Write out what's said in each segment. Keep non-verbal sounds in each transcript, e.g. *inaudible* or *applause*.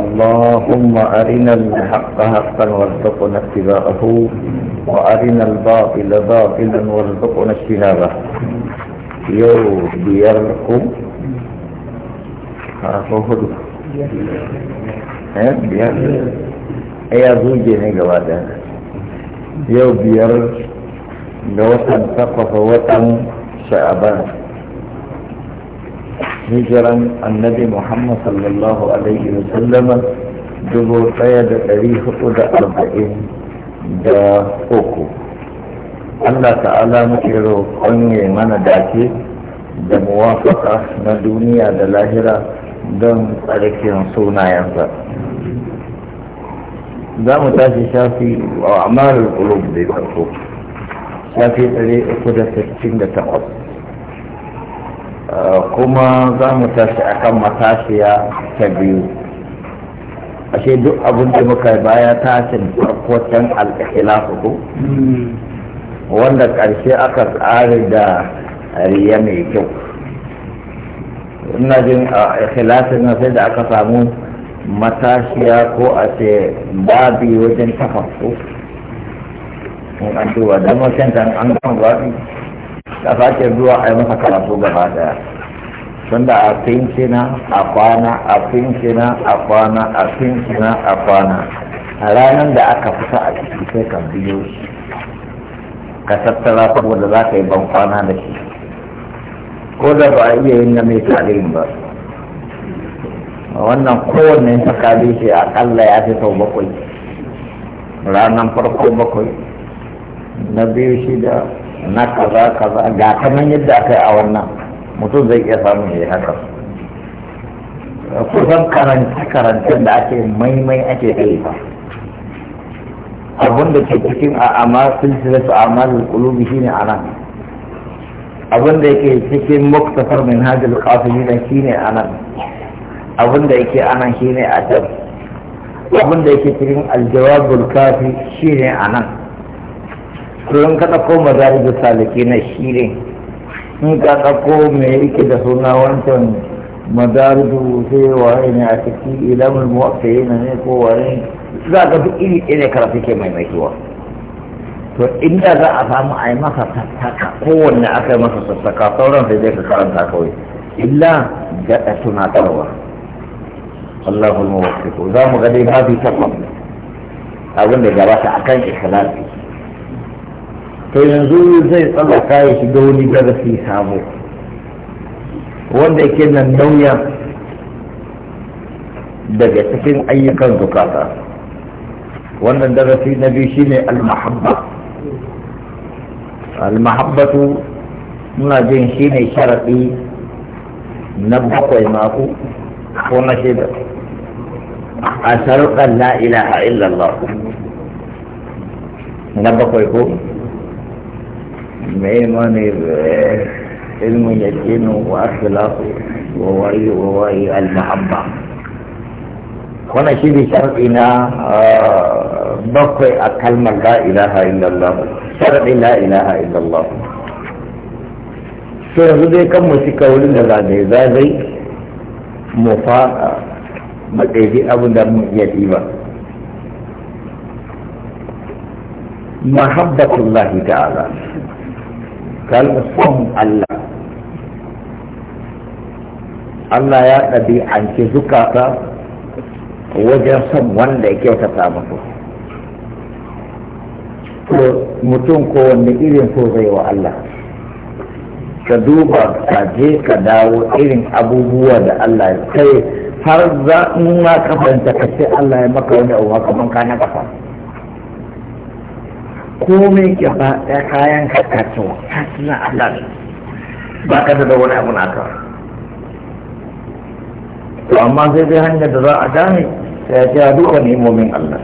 اللهم أرنا الحق حقا وارزقنا اتباعه وأرنا الباطل باطلا وارزقنا اجتنابه يو بيركم harafin hudu biyar ya zuge ne gaba da yau biyar da watan takwafa watan sha'aban hijiran annabi muhammad sallallahu alaihi wa wasallam dubu ɗaya da ɗari hudu da arba'in da uku allah ta'ala muke roƙon ya mana dace da muwafaka na duniya da lahira don tsarkin sunayensa za mu tashi shafi a amalar kulub da farko shafi 368 kuma za mu tashi akan matashiya ta biyu ashe duk abin da muka baya tashin farko can al'ilafu ko wanda ƙarshe aka tsari da riya mai kyau ina jin a ikhlasin na sai da aka samu matashiya ko a ce babi wajen tafasu in an duba don an kan babi da sake zuwa a yi masa karatu gaba daya sanda a fincina a kwana a fincina a kwana a fincina a kwana a ranar da aka fita a ciki sai ka biyo ka tattara saboda za ka yi ban kwana da shi ko da ba a iya yin na mai tarihin ba wannan kowanne ta kabe shi akalla ya fi sau bakwai ranar farko bakwai na biyu shida na kaza kaza ga kanan yadda aka yi a wannan mutum zai iya samun ya yi haka kusan karance karancen da ake maimai ake kai ba abinda da ke cikin a amal silsilatu amal qulubi shine anan nan da yake cikin muktasar min hadil qasidin shine anan nan da yake nan shine a can abinda da yake cikin aljawabul kafi shine nan. to in ka ɗauko mazaribu saliki na shi ne in ka ɗauko me yake da suna wancan mazaribu sai waye ne a ciki ilamul na ne ko wani za ka duk iri ɗaya karatu ke kiwa to inda za a samu a yi masa sassaka kowanne aka yi masa sassaka sauran sai zai ka karanta kawai illa gaɗa tunatarwa Allahul ko za mu ga dai babu takwas abin da gabata akan ikhlasi to yanzu zai tsallaka ya shiga wani garafi sabo wanda yake nan nauya daga cikin ayyukan zukata wannan darasi na biyu shine al-mahabba al-mahabbatu muna jin shi ne sharaɗi na bakwai maku ko na shida a sharuɗan la ilaha illallah na bakwai ko الميمون المجدين واخلاقه ووالي ووالي المحبة كنا شيء بشرطنا آه، بقي أكلمة لا إله إلا الله شرط لا إله إلا الله سورة ذي كم مسيكا ولنا لا نزازي مفاء مكيزي أبو دم يتيبا محبة الله تعالى kalmar son Allah Allah ya ɗabi'ance zukata wajen son wanda ya kyautata musu to mutum ko irin so zai wa Allah ka duba ka je ka dawo irin abubuwa da Allah ya kai har za in ma ka fahimta ka ce Allah ya maka wani abu kamar ka na kafa komai gaba ɗaya kayan ka kacin hasna halal ba ka da wani abu na ka to amma sai dai hanyar da za a gane sai ya kira duka ni'imomin Allah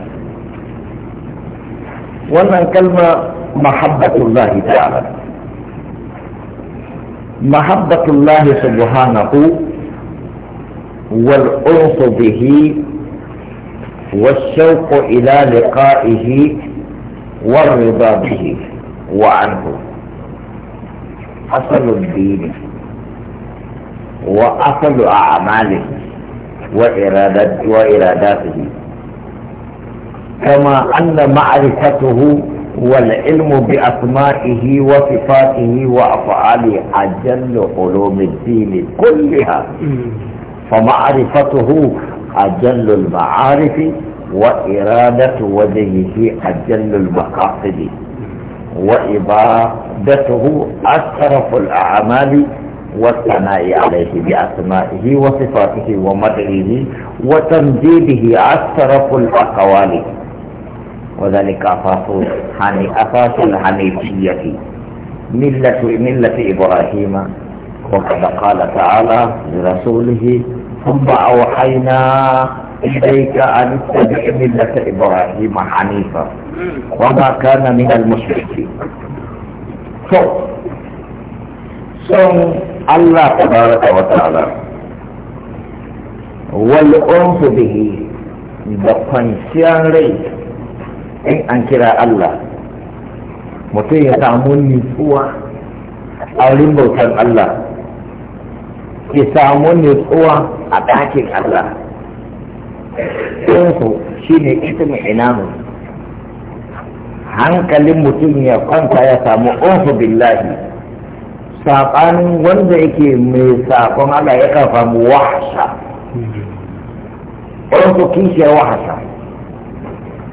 wannan kalma mahabbatullahi ta'ala mahabbatullahi subhanahu wal والأنس bihi والشوق إلى لقائه والرضا به وعنه أصل الدين وأصل أعماله وإرادات وإراداته كما أن معرفته والعلم بأسمائه وصفاته وأفعاله أجل علوم الدين كلها فمعرفته أجل المعارف وإرادة وجهه أجل المقاصد وإبادته أشرف الأعمال والثناء عليه بأسمائه وصفاته ومدعه وتمجيده أشرف الأقوال وذلك أساس أساس الحنيفية ملة ملة إبراهيم وقد قال تعالى لرسوله ثم أوحينا إليك أن اتبع ملة إبراهيم حنيفا وما كان من المشركين سن الله تبارك وتعالى والأنف به بقنسيان لي إن أنكر الله متي ya samu nutsuwa a الله bautar Allah ya الله ɗinku shi ne ismi inamu hankalin mutum ya kwanta ya samu ofu billahi saɓanin wanda yake mai saƙon Allah ya kan mu wahasa ofu kishiya wahasa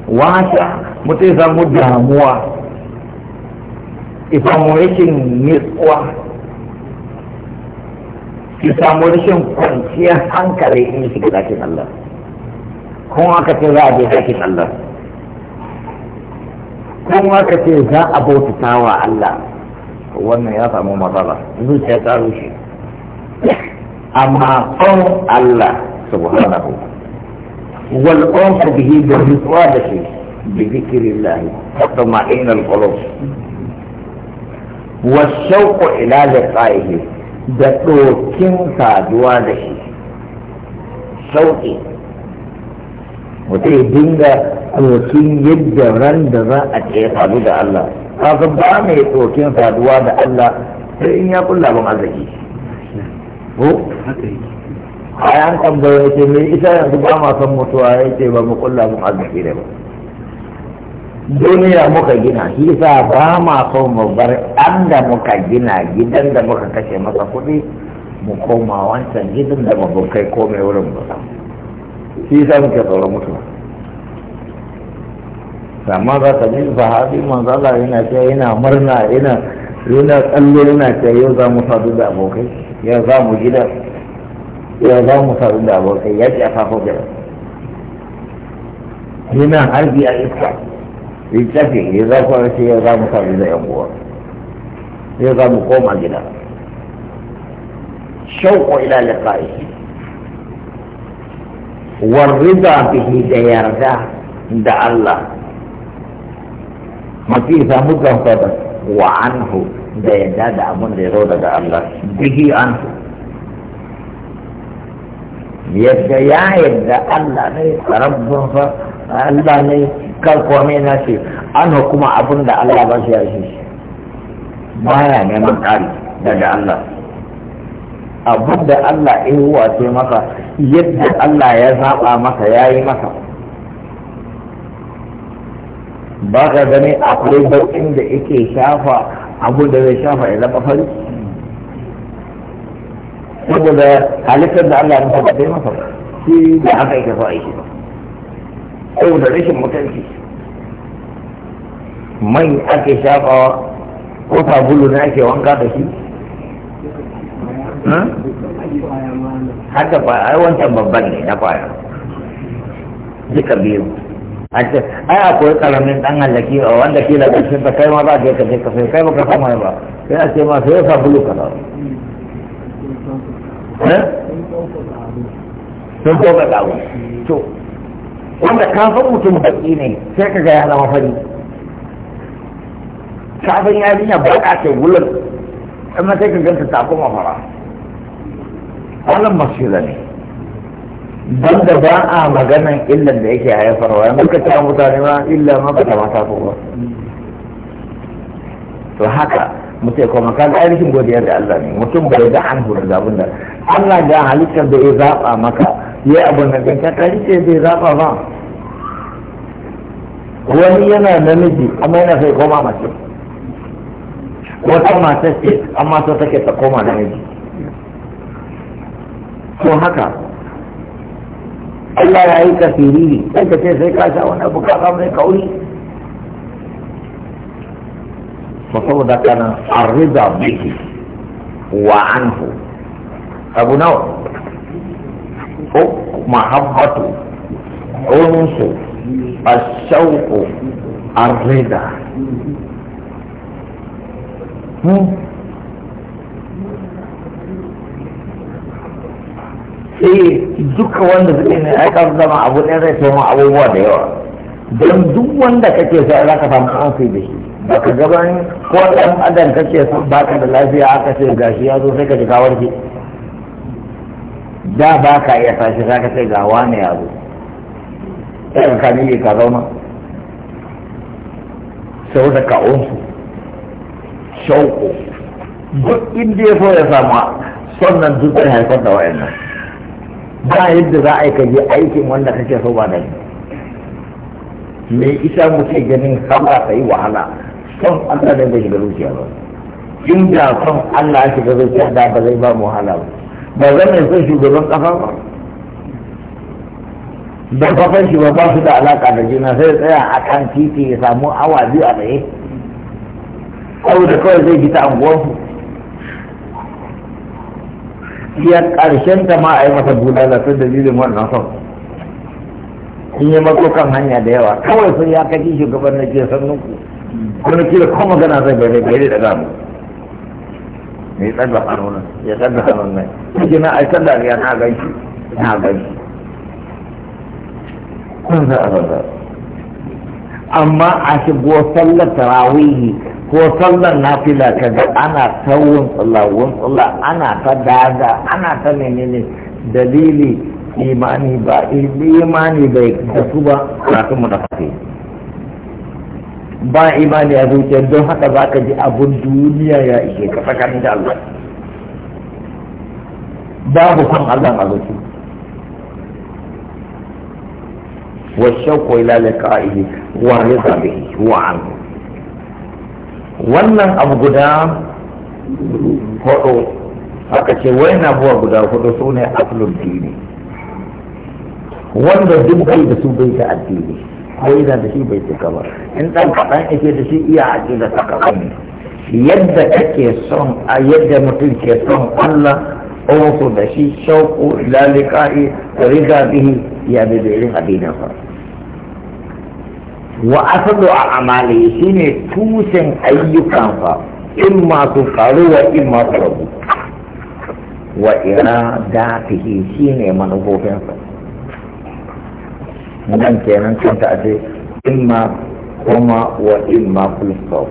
wahasa mutum ya samu damuwa ifamu rashin nitsuwa ki samu rashin kwanciyar hankali in shiga zakin Allah kowa ka ce za a je aikin Allah kowa ka ce za a bautata wa Allah wannan ya samu matsala zuciya ta rushe amma son Allah subhanahu wal unsu bihi da nutsuwa da shi bi zikrillah tatma'in al qulub wa shauqu ila liqa'ihi da dokin saduwa da shi shauqi mutum ya dinga rokin yadda ran da za a ce sadu da Allah kaga ba mai rokin saduwa da Allah sai in ya kulla ban arziki ko a yan tambaya yake me isa yanzu ba ma son mutuwa yake ba mu kulla ban arziki da ba duniya muka gina shi sa ba ma son mu bar an da muka gina gidan da muka kashe masa kuɗi mu koma wancan gidan da mu kai komai wurin mu samu shi sa muke tsoron mutuwa amma za ba ji sahabi manzo a yana cewa yana murna yana yana tsalle yana cewa yau za mu sadu da abokai yau za mu gida yau za mu sadu da abokai ya ce a fafo gida yana harbi a iska ya tafi ya za ku ce yau za mu sadu da yan uwa yau za mu koma gida shauko ila liqa'i warrida bihi da yarda da Allah mafi samu gamfa da wa anhu da yarda da abin da ya zo daga Allah bihi anhu yadda ya yadda Allah ne fa, Allah ne kar mai na ce anhu kuma abin da Allah ba shi ya shi baya neman ƙari daga Allah abin da Allah wa sai maka yadda Allah ya zaɓa maka ya yi maka ba ka gani akwai baƙin da yake shafa abu da zai shafa ya zama fari saboda halittar da Allah ya masa bai masa shi da haka yake so aiki ba saboda rashin mutunci mai ake shafa ko sabulu na ake wanka da shi har da kwaya ai wancan babban ne na kwaya duka biyu a ce ai akwai karamin dan hallaki a wanda ke da ƙarshen ta kai ma za ka je ka sai kai ba ka sama ba sai a ce ma sai ya sa bulu ka kaza eh? sun ko ga dawo to wanda ka san mutum baki ne sai ka ga ya zama fari kafin yarinya ba ka ce gulun amma sai ka ganta ta kuma fara alam masjida ne don da ba a maganan illan da yake haifarwa yanzu ka cewa mutane ma illa ma ba ta mata ko ba to haka mutum ya koma ga ainihin godiyar da Allah ne mutum bai da an hura zabun da Allah da halittar da ya zaba maka yayi abu na kan ka ce bai zaba ba wani yana namiji amma yana sai koma mace wata mata ce amma so take ta koma namiji ko haka Allah ya yi kafiri ne sai ka ce sai ka sha wani abu ka mai kauri ba saboda kana arriba biki wa anhu abu nawa ko mahabbatu unsu ashauku arrida hmm sai eh, duka wanda zai ne ai kan zama abu ɗaya zai samu abubuwa da yawa don duk wanda kake so za ka samu an sai da shi ba ka gaban ko ɗan adam kake son ba ka da lafiya aka ce gashi ya zo sai ka ji kawar ki da ba ka iya tashi za ka ce ga ne ya zo ɗan ka ne ka zauna sau da ka'onsu shauku duk inda ya so ya samu sannan duk zai haifar da wa'annan ba yadda za a yi kaje aikin wanda kake so ba da shi me isa muke ganin ka yi wahala son Allah ne bai shiga zuciya ba in da son Allah ya shiga zuciya da ba zai ba mu wahala ba ba zan mai son shugaban kafa ba da kafan shi ba su da alaka da juna sai tsaya a kan titi ya samu awa biyu a tsaye kawai da kawai zai a anguwarsu iya ƙarshen ta ma a yi masa bulala ta dalilin wannan son sun yi matsukan hanya da yawa kawai sun ya kaji shugaban na ke sannan ku kuma da kuma magana zai bai bai da gano mai tsaga hannun ya tsaga hannun nan yake na aikar da ya na gan shi na gan shi kun za a amma a shigo sallar tarawihi ko sallan nafila ka ga ana ta wun tsallawun ana ta daga ana ta menene dalili imani ba imani bai da su ba kafin mu da fafe ba imani a zuciyar don haka za ka ji abun duniya ya ishe ka tsakanin da Allah babu kan Allah a zuci wa shauku ila liqa'ihi wa rida bihi wa anhu wannan abu guda hudu aka ce wai na buwa guda hudu su ne aflun dini wanda duk kai da su bai da addini ko yana da shi bai ta ba in dan kaɗan yake da shi iya aƙida ta kaɗan ne yadda kake son a yadda mutum ke son Allah o so da shi shauku lalika'i da riga bihi ya bi da irin addinin sa wa asalu a amali shine tushen fa in masu faru wa in masu rabu wa da iradatihi shine manufofinsa nan kenan kanta a ce in ma kuma wa in ma kulistau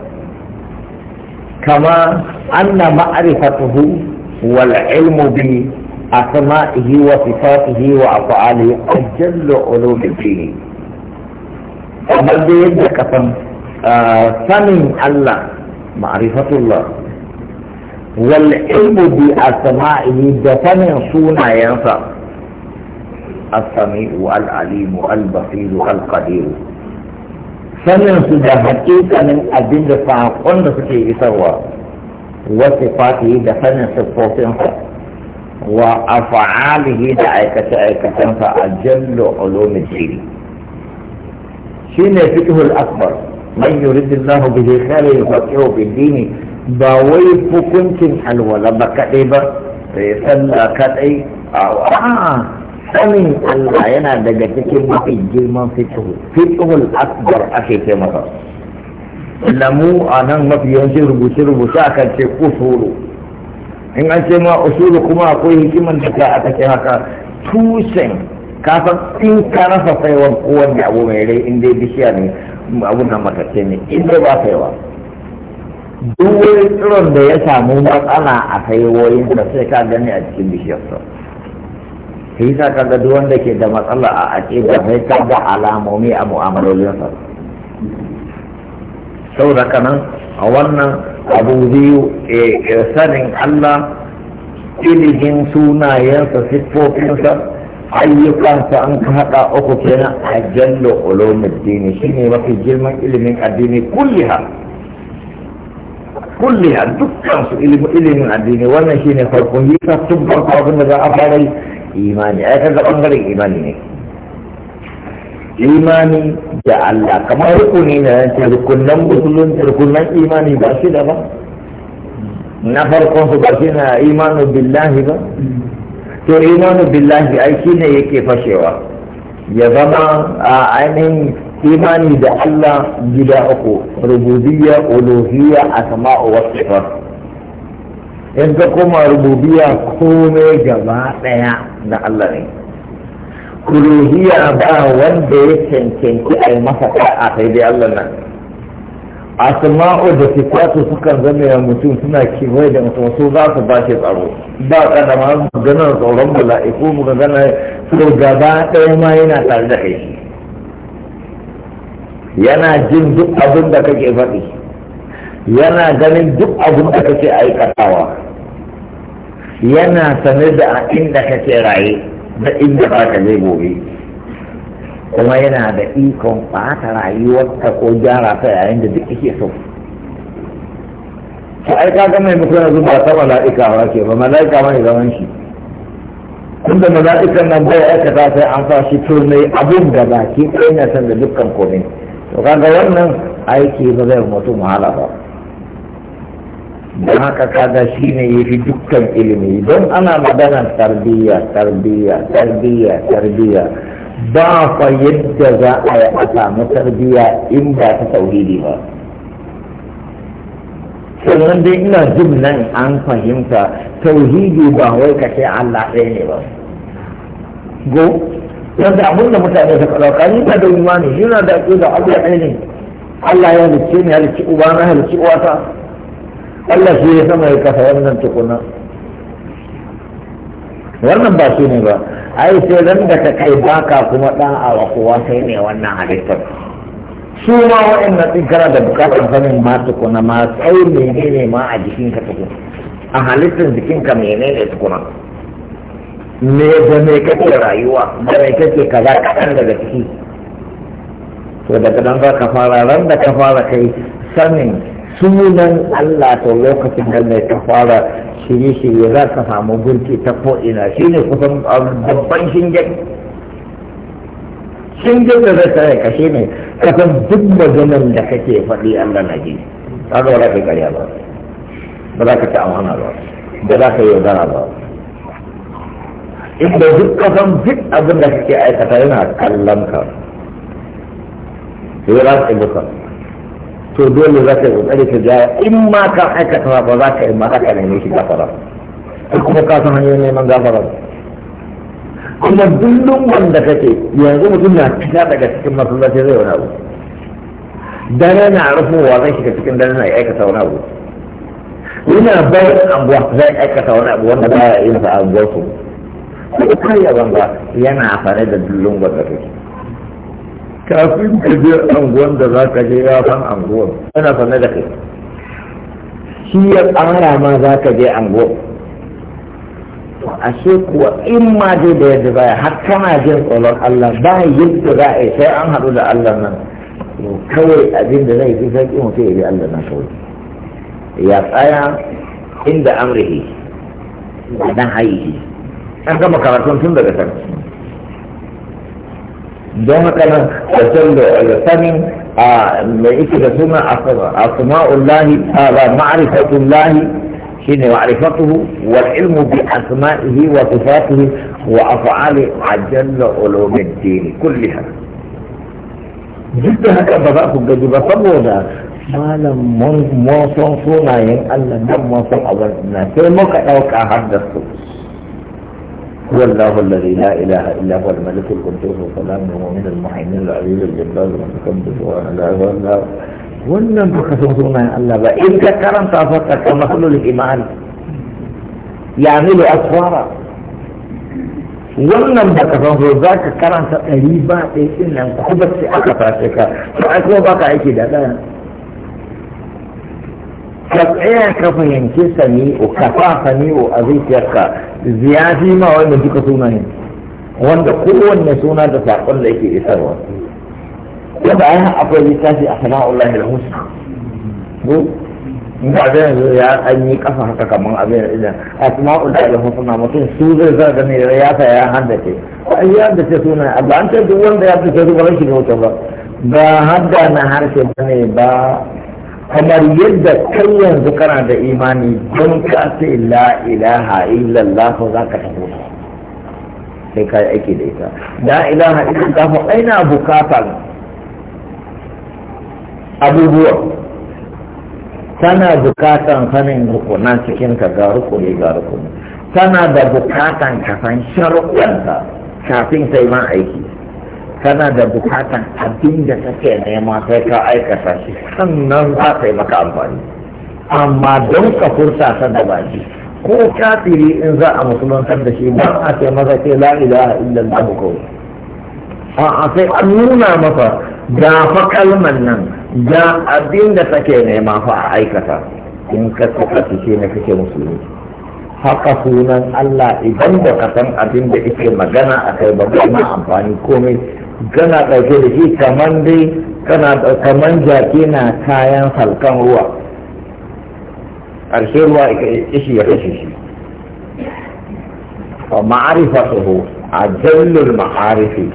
kama an anna ma'rifatuhu wal ilmu bi asma'ihi wa sifatihi wa af'alihi ajallu ulumi dini kamar da yadda ka san sanin Allah ma'rifatullah wal ilmu bi asma'ihi da sanin sunayensa as-sami'u al-alimu al-basiru al-qadiru sanin su da hakikanin abin da saƙon da suke isarwa wasu fatihi da sanin siffofinsa wa afa'alihi da aikace-aikacensa a jallo ulumuddin shine fiqhul akbar man yuridillahu bihi khairan yufaqihu fi ba wai hukuncin alwala ba kadai ba sai sallah kadai a sanin Allah yana daga cikin mafi girman fiqhu fiqhul akbar ake ce masa lamu a nan mafi yawancin rubuce-rubuce kan ce usulu in an ce ma usulu kuma akwai hikiman da ta aka ce haka tushen kasan in ka rasa ko kowanne abu mai rai in dai bishiya ne abun nan makace ne in dai ba saiwa duk wani tsiron da ya samu matsala a saiwoyin da sai ka gani a cikin bishiyarsa sai sa ka ga duk wanda ke da matsala a aƙida sai ka ga alamomi a mu'amalolinsa saboda kanan a wannan abu biyu eh, eh, sanin Allah ilimin sunayensa siffofinsa ayyukansa an ka haɗa uku kenan a jallo shi ne mafi girman ilimin addini kulliha kulliha dukkan su ilimin ilimin addini wannan ne farkon yi ka tubbar abin da za a fara imani ai kaga bangaren imani ne imani da Allah kamar rukuni na yanci rukunan musulunci rukunan imani ba shi da ba na farkon su ba shi na imanu billahi ba to imanu billahi ai shine yake fashewa ya zama a ainihin imani da Allah gida uku rububiyya uluhiyya asma'u wa sifat in ka koma rububiyya komai gaba daya na Allah ne uluhiyya ba wanda ya cancanci a yi masa ta'a sai dai Allah nan asma'u da sifatu sukan zama ya mutum suna kewaye da mutum su za su ba shi tsaro ba kada ma ganin tsoron mala'iku mu gana su gaba ɗaya ma yana tare da kai yana jin duk abin da kake faɗi yana ganin duk abin da kake aikatawa yana sanar da a inda kake raye da inda ba ka zai gobe kuma yana da ikon rayuwar ta ko gyara ta yayin da duk yake so shi ai ka ga mai mutum yanzu ba ta mala'ika ba ke ba mala'ika mai zaman shi tun da mala'ikan nan bai aikata sai an sa shi turmai abin da na san da dukkan komai to kaga wannan aiki ba zai mutum wahala ba don haka kaga shi ne ya fi dukkan ilimi don ana maganar tarbiyya tarbiyya tarbiyya tarbiyya ba fa yadda za a yi a samu tarbiyya in ba ta tauhidi ba sannan dai ina jin nan an fahimta tauhidi ba wai ka ce Allah ɗaya ne ba go yanzu abin da mutane suka ka yi ta da imani ni na da aƙida Allah ɗaya ne Allah ya halicce ne, halicci uba na halicci uwata Allah shi ya sama ya kasa wannan tukunan wannan ba su ne ba ai sai nan da ta kai baka kuma dan awa kowa sai ne wannan halittar su ma waɗannan ɗin kana da bukatar sanin ma tukuna ma tsayi menene ma a jikinka tukuna a halittar jikinka menene tukuna me da me kake rayuwa da me kake kaza kaɗan daga ciki to daga nan za ka fara ran da ka fara kai sanin sunan Allah ta lokacin da mai ta fara shirye-shirye za ka samu gunki ta ko'ina shi ne kusan ah, babban shingen shingen da zai tsaye ka shi ne kasan duk maganar da kake faɗi Allah na ji ka ga wala kai karya ba ba za ka ci amana ba ba za ka yi yaudara ba inda duk kasan duk abin da kake aikata yana kallon ka sai za ka ɗi to dole za ka yi kokari ka jaya in ma ka aikata ba za ka yi ma ka nemi shi gafara kuma ka san hanyoyin neman gafara kuma dundun wanda kake yanzu mutum na fita daga cikin masallaci zai wani abu dare na wa zai shiga cikin dare na aikata wani abu ina bayan anguwa zai aikata wani abu wanda ba ya yin sa anguwarsu ko kai ya banga yana fare da dullun wanda kake kafin ka je anguwan da za ka je ya san anguwan yana sanar da kai shi ya tsara ma za ka je anguwan to ashe kuwa in ma dai da yadda baya har kana jin tsoron Allah ba yadda za a yi sai an haɗu da Allah nan to kawai abin da zai fi sauƙi mutum ya bi Allah nan kawai ya tsaya inda amrihi dan haihi an gama karatun tun daga sarki don haka nan da wajen da sanin a mai ike da suna asma'ullahi a ma'rifatullahi shine ma'rifatuhu wal ilmu bi asma'ihi wa sifatihi wa af'ali ajalla ulumuddin kulliha duk da haka ba za ku gaji ba saboda malam mun mun san sunayen Allah nan mun san abin sai muka dauka har da su هو الله الذي لا اله الا هو الملك القدوس السلام المؤمن المحيي العزيز الجبار المتقدم هو الله الله ولم تخصصونا يا الله وان كرمت افكر كما كل الايمان يعمل اسفارا ولم تخصصوا ذاك كرمت قريبا ان لم تخبط في اخر فاسكا فاكو باقي كده ka tsaya ka fahimci sami'u ka fa sami'u a zuciyarka ziyafi ma wanda duka sunayen wanda kowanne suna da saƙon da yake isarwa wanda ai akwai littafi a sana'ullah da musu ko ba zai yanzu ya an yi kafa haka kamar abin da idan asma'ullah da na mutum su zai zaga ne ya sa ya haddace ai ya haddace sunan Allah an ce duk wanda ya haddace su ba shi ne ba ba hadda na harshe ba ne ba kamar yadda kai yanzu kana da imani don ka ce la ilaha illallah za ka tafi sai ka aiki da ita la ilaha illallah ko aina bukatar abubuwa tana bukatan sanin rukunan cikin ka ga rukuni ga rukuni tana da bukatan ka san sharuɗanka kafin sai ma aiki kana da bukatan abin da kake nema sai ka aikata shi sannan za ka yi maka amfani amma don ka furta ta da baki ko kafiri in za a musulantar da shi ba a ce maza ce la ilaha illallah kawai a sai an nuna masa ga fa kalman nan da abin da take nema fa a aikata in ka kuka shi ne kake musulunci haka sunan Allah idan ba ka san abin da yake magana a kai ba ma amfani komai gana ɗauke da shi kamar dai kana kaman jaki na kayan halkan ruwa ƙarshe ruwa ishi ya kashe shi A ma'arifa suhu a jallin ma'arifi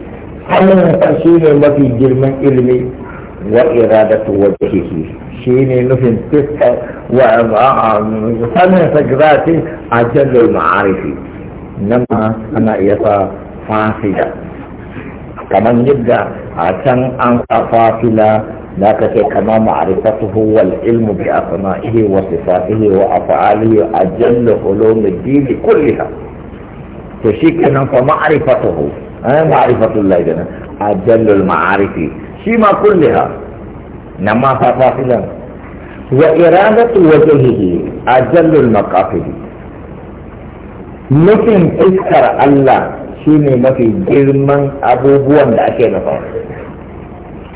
hannun ƙarshe ne mafi girman ilimi وإرادة وجهه شيني نفن تسعة وثمان فجراتي أجل المعارف نما أنا إيطا فاصلة كمان يبدأ عشان أنت فاصلة لكن كما معرفته والعلم بأسمائه وصفاته وأفعاله أجل علوم الدين كلها معرفته فمعرفته معرفة الله جنة أجل المعارف shi ma kulliha na ma fata filan wa iradatu wajhihi ajallul maqasid nufin iskar Allah shi ne mafi girman abubuwan da ake nufa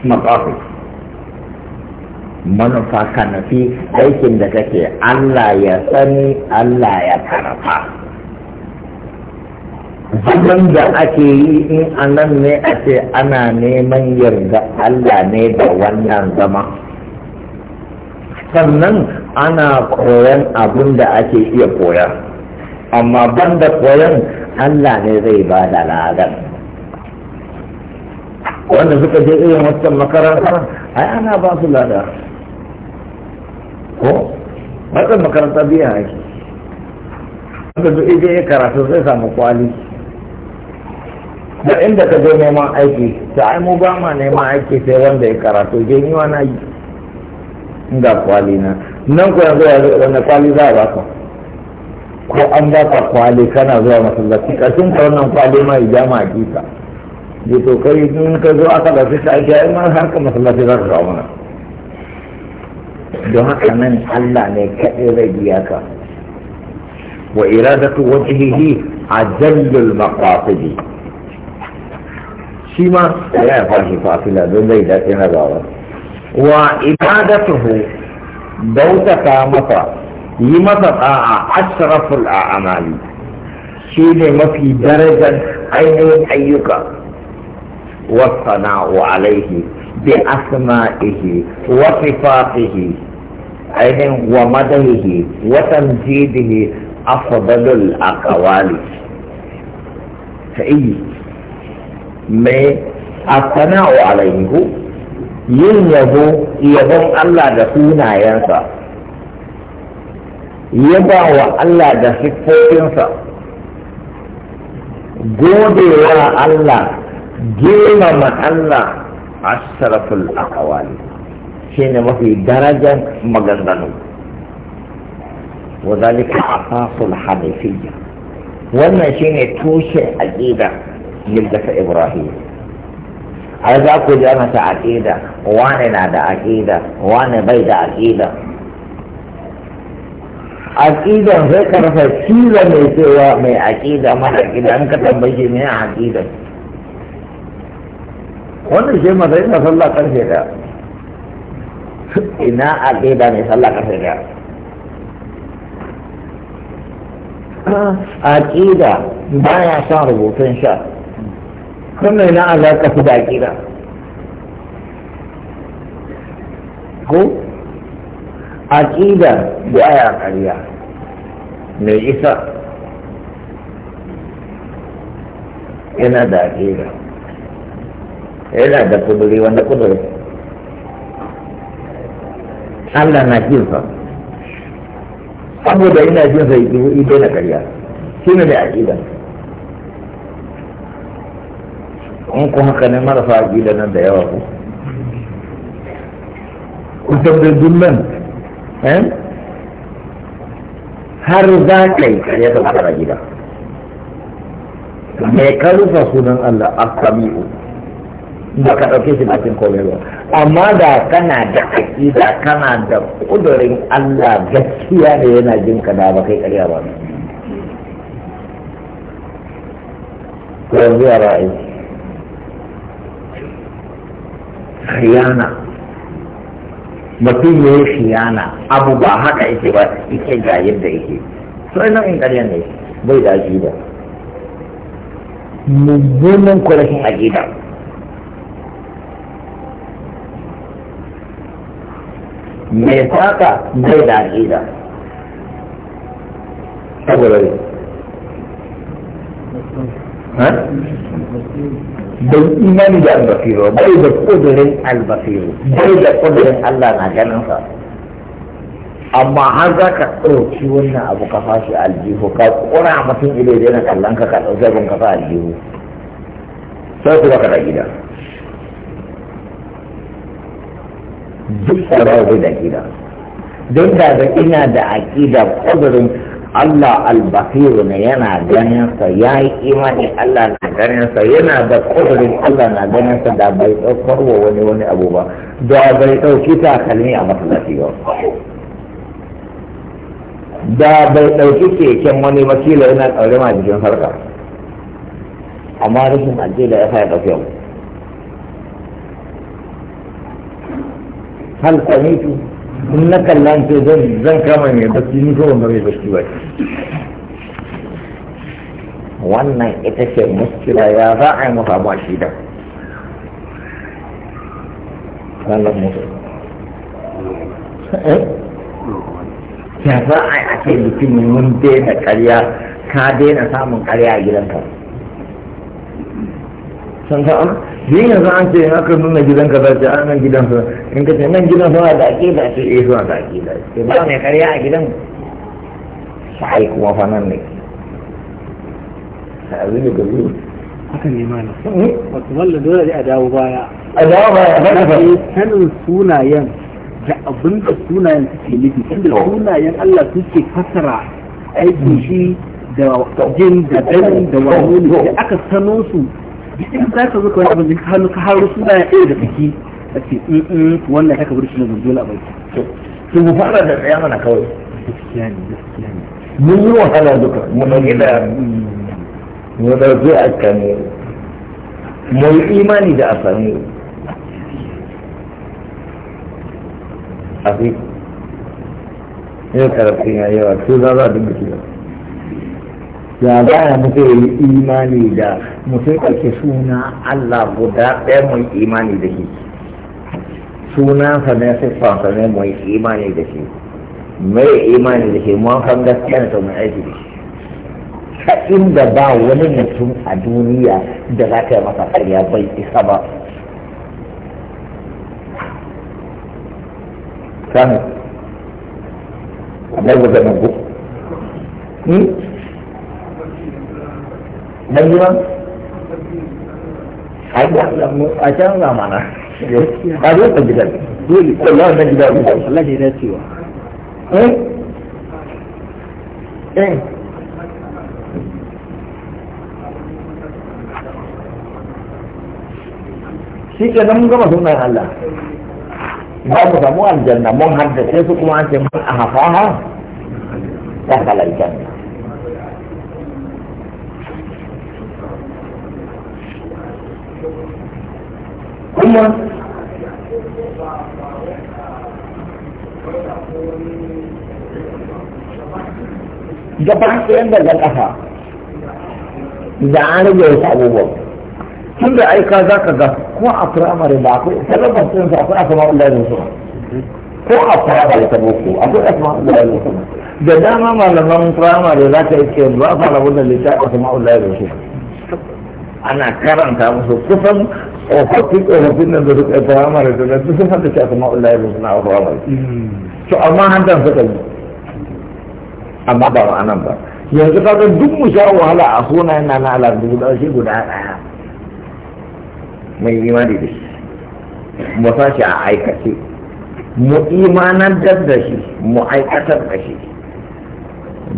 maƙafi. manufa kanafi aikin da kake Allah ya sani Allah ya karafa zaman da ake yi in anan ne a ce ana neman yarda Allah ne da wannan zama sannan ana koyan abin da ake iya koya amma banda koyan Allah ne zai ba da ladan wanda suka je irin wancan makaranta ai ana ba su lada ko wancan makaranta biya ake wanda duk ije ya karatu zai samu kwali da inda ka je neman aiki ta ai mu ba ma neman aiki sai wanda ya karatu je ni wani na yi ga kwali na nan ku yanzu ya wanda kwali za a ba ka ko an ba ka kwali kana zuwa masallaci karshen ka wannan kwali ma ya jama a kika je to kai in ka zo aka da shi aiki a ma har ka masallaci za ka samu mana don haka nan Allah ne kaɗai zai biya ka wa iradatu wajhihi ajallul maqasidi shi ma ya fashi fafila don zai dace na gawa wa ibadatuhu bautata masa yi masa da'a asraful a shi ne mafi darajar ainihin ayyuka wa sana'u alaihi bi asma'ihi wa sifatihi ainihin wa madahihi wa tanjidihi afdalul aqwali sai mai asana'u alaihu yin yabo yabon Allah da sunayensa yaba wa Allah da siffofinsa godewa Allah girmama Allah asharaful shi ne mafi darajar maganganu wa zalika asasul hanifiyya wannan shi ne tushen aƙida millata ibrahim ai za ku ji masa aƙida wane na da aƙida wane bai da aƙida aƙidan zai karfa rasa kila mai cewa mai aƙida mara aƙida an ka tambaye mai aƙida wannan shi masa yana sallah karfe da *laughs* ina aƙida mai sallah karfe da ah, aƙida ya son rubutun sha ina yana alaƙa su da gida ko aƙida da aya kariya mai isa yana da aƙida yana da kuduri wanda kuduri Allah na jinsa saboda ina jinsa yi daina ƙarya shi ne da aƙida in ku haka ne marasa aƙida nan da yawa ku kusan da dullan har za ka yi kare da kara gida mai ka rufa sunan Allah a asami'u da ka ɗauke shi da cin komai ba amma da kana da aƙida kana da ƙudurin Allah gaskiya da yana jin ka da ba kai ƙarya ba yanzu ya ra'ayi khiyana mutum ya yi khiyana abu ba haka yake ba yake ga yadda yake sai nan in ƙarya ne bai da aƙida mummunan kurashin aƙida mai saka bai da gida, saboda ne bai imani da albasiru bai da kudurin albasiru bai da kudurin Allah na sa amma har za ka ɗauki wannan abu ka fashi aljihu ka kura mutum ido da yana kallon ka ka ɗauki abin ka fa aljihu sai kuma ka da gida duk tsara da gida don da da ina da aƙida kudurin Allah al-basiru ne yana ganinsa, ya yi imani Allah na ganinsa, yana da kudurin Allah na ganinsa, da bai ɗaukar wa wani wani abu ba da bai dauki takalmi a masallaci ba da bai ɗauki keken wani wakila yana tsaure ma jikin harka amma rashin aljila ya sa ya dauki abu hal samitu in na kallon zan kama mai bacci ni ko ba mai bacci ba wannan ita ce muskila ya za a yi mu samu a shida ranar musu eh? ya za a yi a ce mutum mun daina karya ka daina samun karya a gidanka sun sa'an yin yanzu an ce haka nuna gidanka za ce an ah, nan gidansa in ka ce nan gidansa na da aƙida ce eh suna da aƙida ce ba mai karya a gidanka sai kuma fanan ne a zai ga biyu haka ne mana hmm? wato wallan dole a dawo baya a dawo baya ba da sanin sunayen da abin da sunayen suke nufi tunda sunayen Allah suke fasara aiki shi da jin da dan da wani da aka sano su in za ka zo ka wani abin ka hannu ka haru sunayen ɗaya da kake a ce mm, mm, wannan ta ka bari shi na zanzola a baki. Sun fara da tsaya mana kawai. Gaskiya ne, gaskiya ne. mun yi wahala duka mu ɗauki ɗaya mu zai a kanu mu yi imani da a sami a fi yau karfin ya yawa su za za duk da ya za a muke yi imani da mutum ɗauki suna Allah guda ɗaya mu yi imani da shi sunansa ne siffansa ne mu yi imani da shi mai imani da shi mu gaskiya ne mai aiki da shi ta inda ba wani mutum a duniya da za ka yi masa karya bai isa ba samu abin da zama ku dan yi a yi a can zamana A zai ka gidan dole kullum na gidan Allah ne na cewa eh eh shi ke nan gama sunan Allah za mu samu aljanna mun haddace su kuma an ce mun a hafaha ta halar janna kuma gaba ɗayan daga ƙasa da an rage wasu abubuwan tun da aika za ka ga ko a firamare ba akwai talabar sun sa akwai asama Allah su ko a firamare ta boko akwai asama Allah ne su da dama malaman firamare za ka yi ce ba a rabu da littafi asama Allah ne su ana karanta musu kusan tsofaffin tsofaffin nan da suka yi firamare da su sun hada ce asama Allah ne su na firamare to amma hantar suka yi amma ba ma'anan ba yanzu kaga duk mu sha wahala a sunayen na na Allah guda shi guda ɗaya mai imani da shi mu sa shi a aikace mu imanantar da shi mu aikatar da shi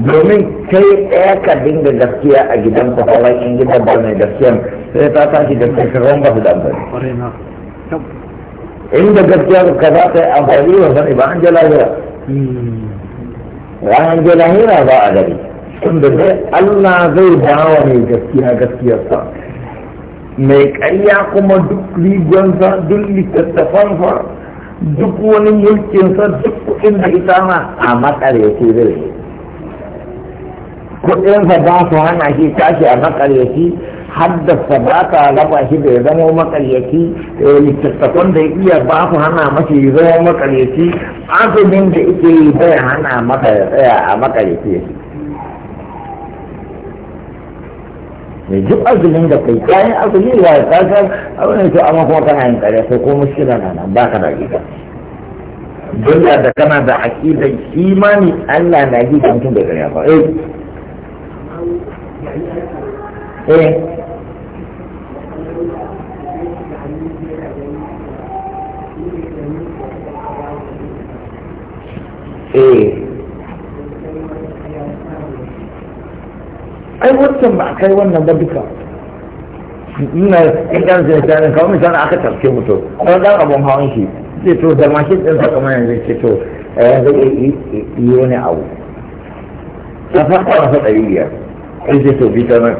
domin kai ɗaya ka dinga gaskiya a gidan ku kawai in gidan ba mai gaskiya sai ta tashi da kirkiron ba su da amfani inda gaskiya ka za ta yi amfani wa sani ba an jala jira hmm. ranar da lahira ba a gari tunda dai Allah zai dawa mai gaskiya gaskiyarsa mai ƙarya kuma duk rigonsa duk littattafansa duk wani mulkinsa duk kuɗin da ita ma a makaryaci zai kuɗinsa ba su hana shi tashi a makaryaci haddasa ba ta raba shi da ya zama makaryaci eh, littattafan da ya iya ba ku hana masa ya zama makaryaci azumin da ike yi bai hana masa ya tsaya a makaryaci ne duk azumin da kai kayan azumi ya A abin da amma kuma kana yin kare sai ko mushkila na nan ba ka da riga don da kana da aqidar imani Allah na ji mutum da kare ba eh eh eh ai wancan ba a kai wannan ba duka ina in ɗan zai tsarin kawo misali aka tarke mutu ɗan ɗan abun hawan shi zai to da mashin ɗin sa kuma yanzu ce to eh, yanzu yi wani abu ta fata masa ɗari biyar in zai to bi nan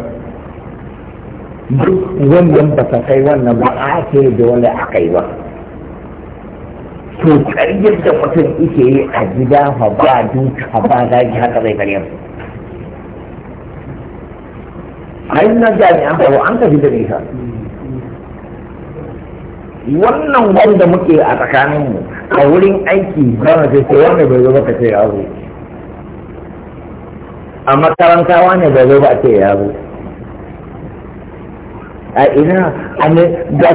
duk wannan ba ta kai wannan ba a ce dole a kai ba to karyar da mutum ike yi a gida ha ba duka ba zagi haka zai karyar su a yi na jami'an tsaro an tafi da nisa wannan wanda muke a tsakaninmu a wurin aiki ba na sai sai wanda bai zo ba ka ce ya zo a makarantawa ne bai zo ba a ce ya zo a ina a ne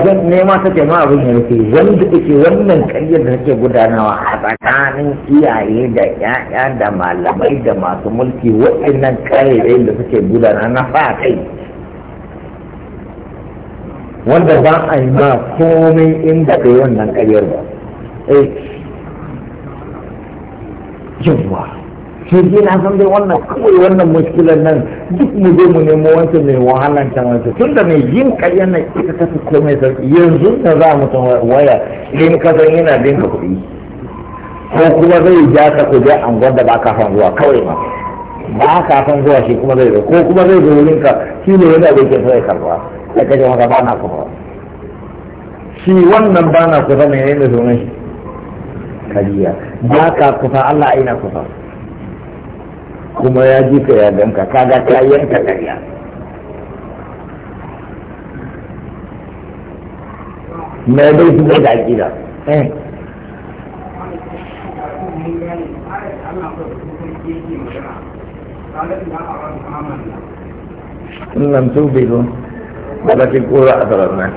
zan nema ta ce ma abin ya nufi wanda ake wannan karyar da take gudanawa a tsakanin iyaye da 'ya'ya da malamai da masu mulki waɗannan karyayyai da suke gudana na fa wanda ba a yi ma komai inda kai wannan karyar ba eh yawwa sai dai na san dai wannan kawai wannan muskilar nan duk mu je mu nemo wancan mai wahalan can wancan tun da mai yin kayan nan ita ta fi komai sarki yanzu da za mu san waya in ka san yana ka kuɗi ko kuma zai ja ka ku an angon da ba ka san zuwa kawai ma ba ka san zuwa shi kuma zai zo ko kuma zai zo wurin ka shi ne yana da ke sai ya karɓa da kaje maka ba na kuma shi wannan ba na kusa mai ne da sunan shi kariya ba ka kusa Allah aina kusa kuma ya ji ka ya ganka kaga ta yanka ƙarya na dai su da aƙida eh lam tubidu walakin qura asrarna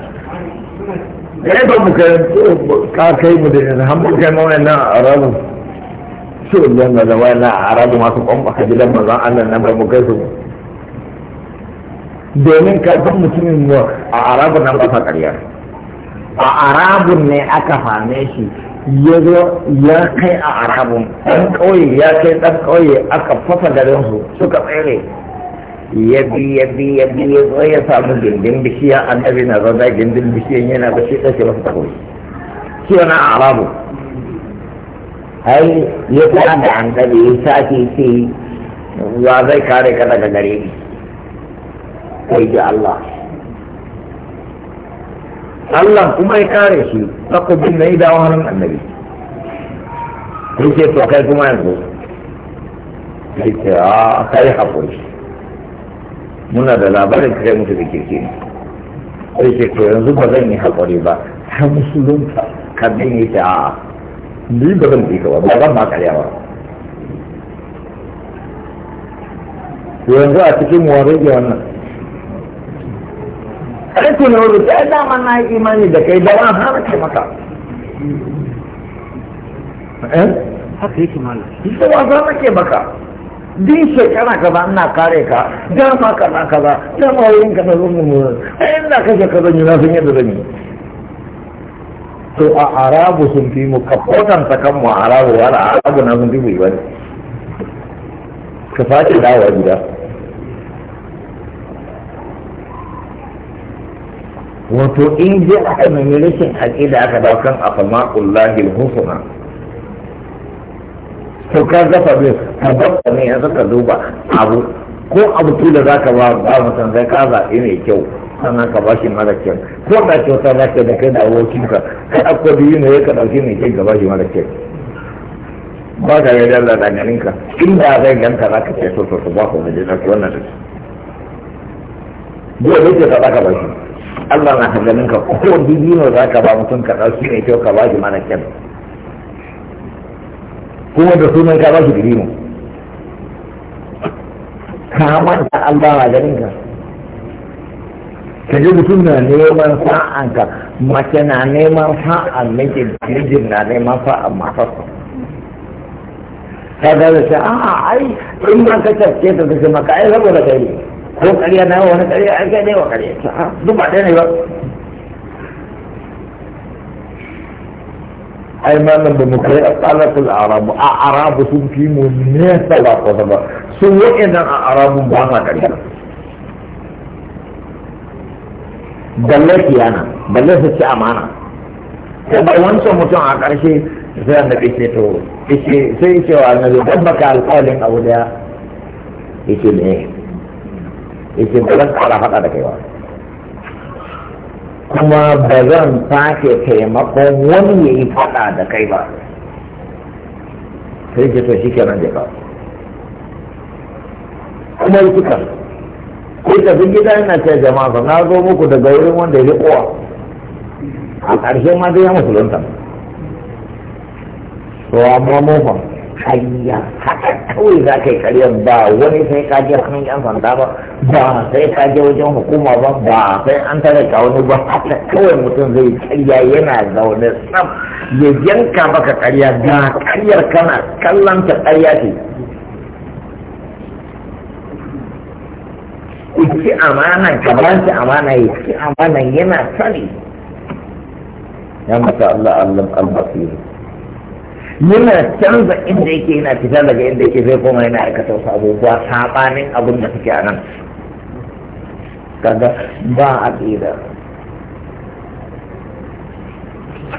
kai eh, ba mu kai ka mu da hamdu kai mu a arabu shirin yana da wani a arabu masu kwamfaka gidan manzan Allah na bai kai su domin ka san mutumin mu a arabu nan ba ƙarya a arabu ne aka fame shi ya zo ya kai a arabun ɗan ƙauye ya kai ɗan ƙauye aka fafa garin su suka tsere ya bi ya bi ya bi ya zo ya samu gindin bishiya annabi na zo da gindin bishiyan yana bashi shi wasu takwai shi wani arabu hai ya kuma da hankali ya sake ce wa zai kare ka daga gare ni kai ji Allah Allah kuma ya kare shi takobin na yi da hannun annabi ya ce to kai kuma yanzu ya ce a kai haƙuri muna da labarin kai mutu da kirki ne ya ce to yanzu ba zan yi haƙuri ba ta musulunta kabin ya ta. a'a ni ba zan bi ka ba ba zan ma karya ba yanzu a cikin mu rage wannan kai ku na wuri sai dama na yi imani da kai da wani har ke maka eh haka yake malam ita wa za ke maka din shekara kaza ina kare ka dama kaza kaza dama wurin ka na zuwa mu ai ina kaje ka zan yi na san yadda zan yi to a arabu sun fi mu ka ta kan mu arabu wala arabu na sun fi mu ibada ka fashe dawa gida wato in je aka nemi rashin aƙida aka dawo kan fama al-husna to ka gafa bin ka gafa ne ya zaka duba abu ko abu da zaka ba ba mutum zai ka zaɓi mai kyau sannan ka bashi mara kyan ko da kyauta na ke da kai da ka kai akwai biyu ne ka ɗauki mai kyan ka bashi mara kyan ba ka yadda da in inda zai ganta za ka ce so so ba ku mai na wannan da shi ne ke ka ka bashi Allah na ka ganin ka ko biyu ne za ka ba mutum ka ɗauki mai kyau ka bashi mara kyan kuma da sunan ka bashi biyu ka manta Allah na ganin ka ka ji mutum na neman sa'an ka mace na neman sa'an mijin mijin na neman sa'an matarsa ka ga da ce a'a ai in ma ka tafke ta ta ce maka ai saboda kai ne ko ƙarya na wani ƙarya ai kai ne wa ƙarya duk ba ɗaya ne ba ai malam ba mu kai asalatul arabu a arabu sun fi mu nesa ba ko ba su wa'annan a arabun ba ma ƙarya balle kiyana balle su ci amana sai wancan mutum a ƙarshe sai annabi ce to sai ce wa annabi dan baka alƙalin abu daya yace ne yace ba zan ƙara faɗa da kaiwa kuma ba zan sake taimakon wani ya yi faɗa da kai ba sai ce to shi kenan da ba kuma yi kikan sai tafi gida yana ce jama'a ba na zo muku daga wurin wanda ya kowa a ƙarshe ma dai ya musulunta to amma mofan kariya haka kawai za ka yi kariya ba wani sai ka je hannun yan sanda ba ba sai ka je wajen hukuma ba ba sai an tare ka wani ba haka kawai mutum zai kariya yana zaune sam ya yanka maka karya ga karyar kana kallon ta ce ci amana ka ba shi amana ya ci amana yana sani ya mata Allah Allah al-basir yana canza inda yake yana fita daga inda yake zai koma yana aikata wasu abubuwa sabanin abin da suke a nan kaga ba a tsira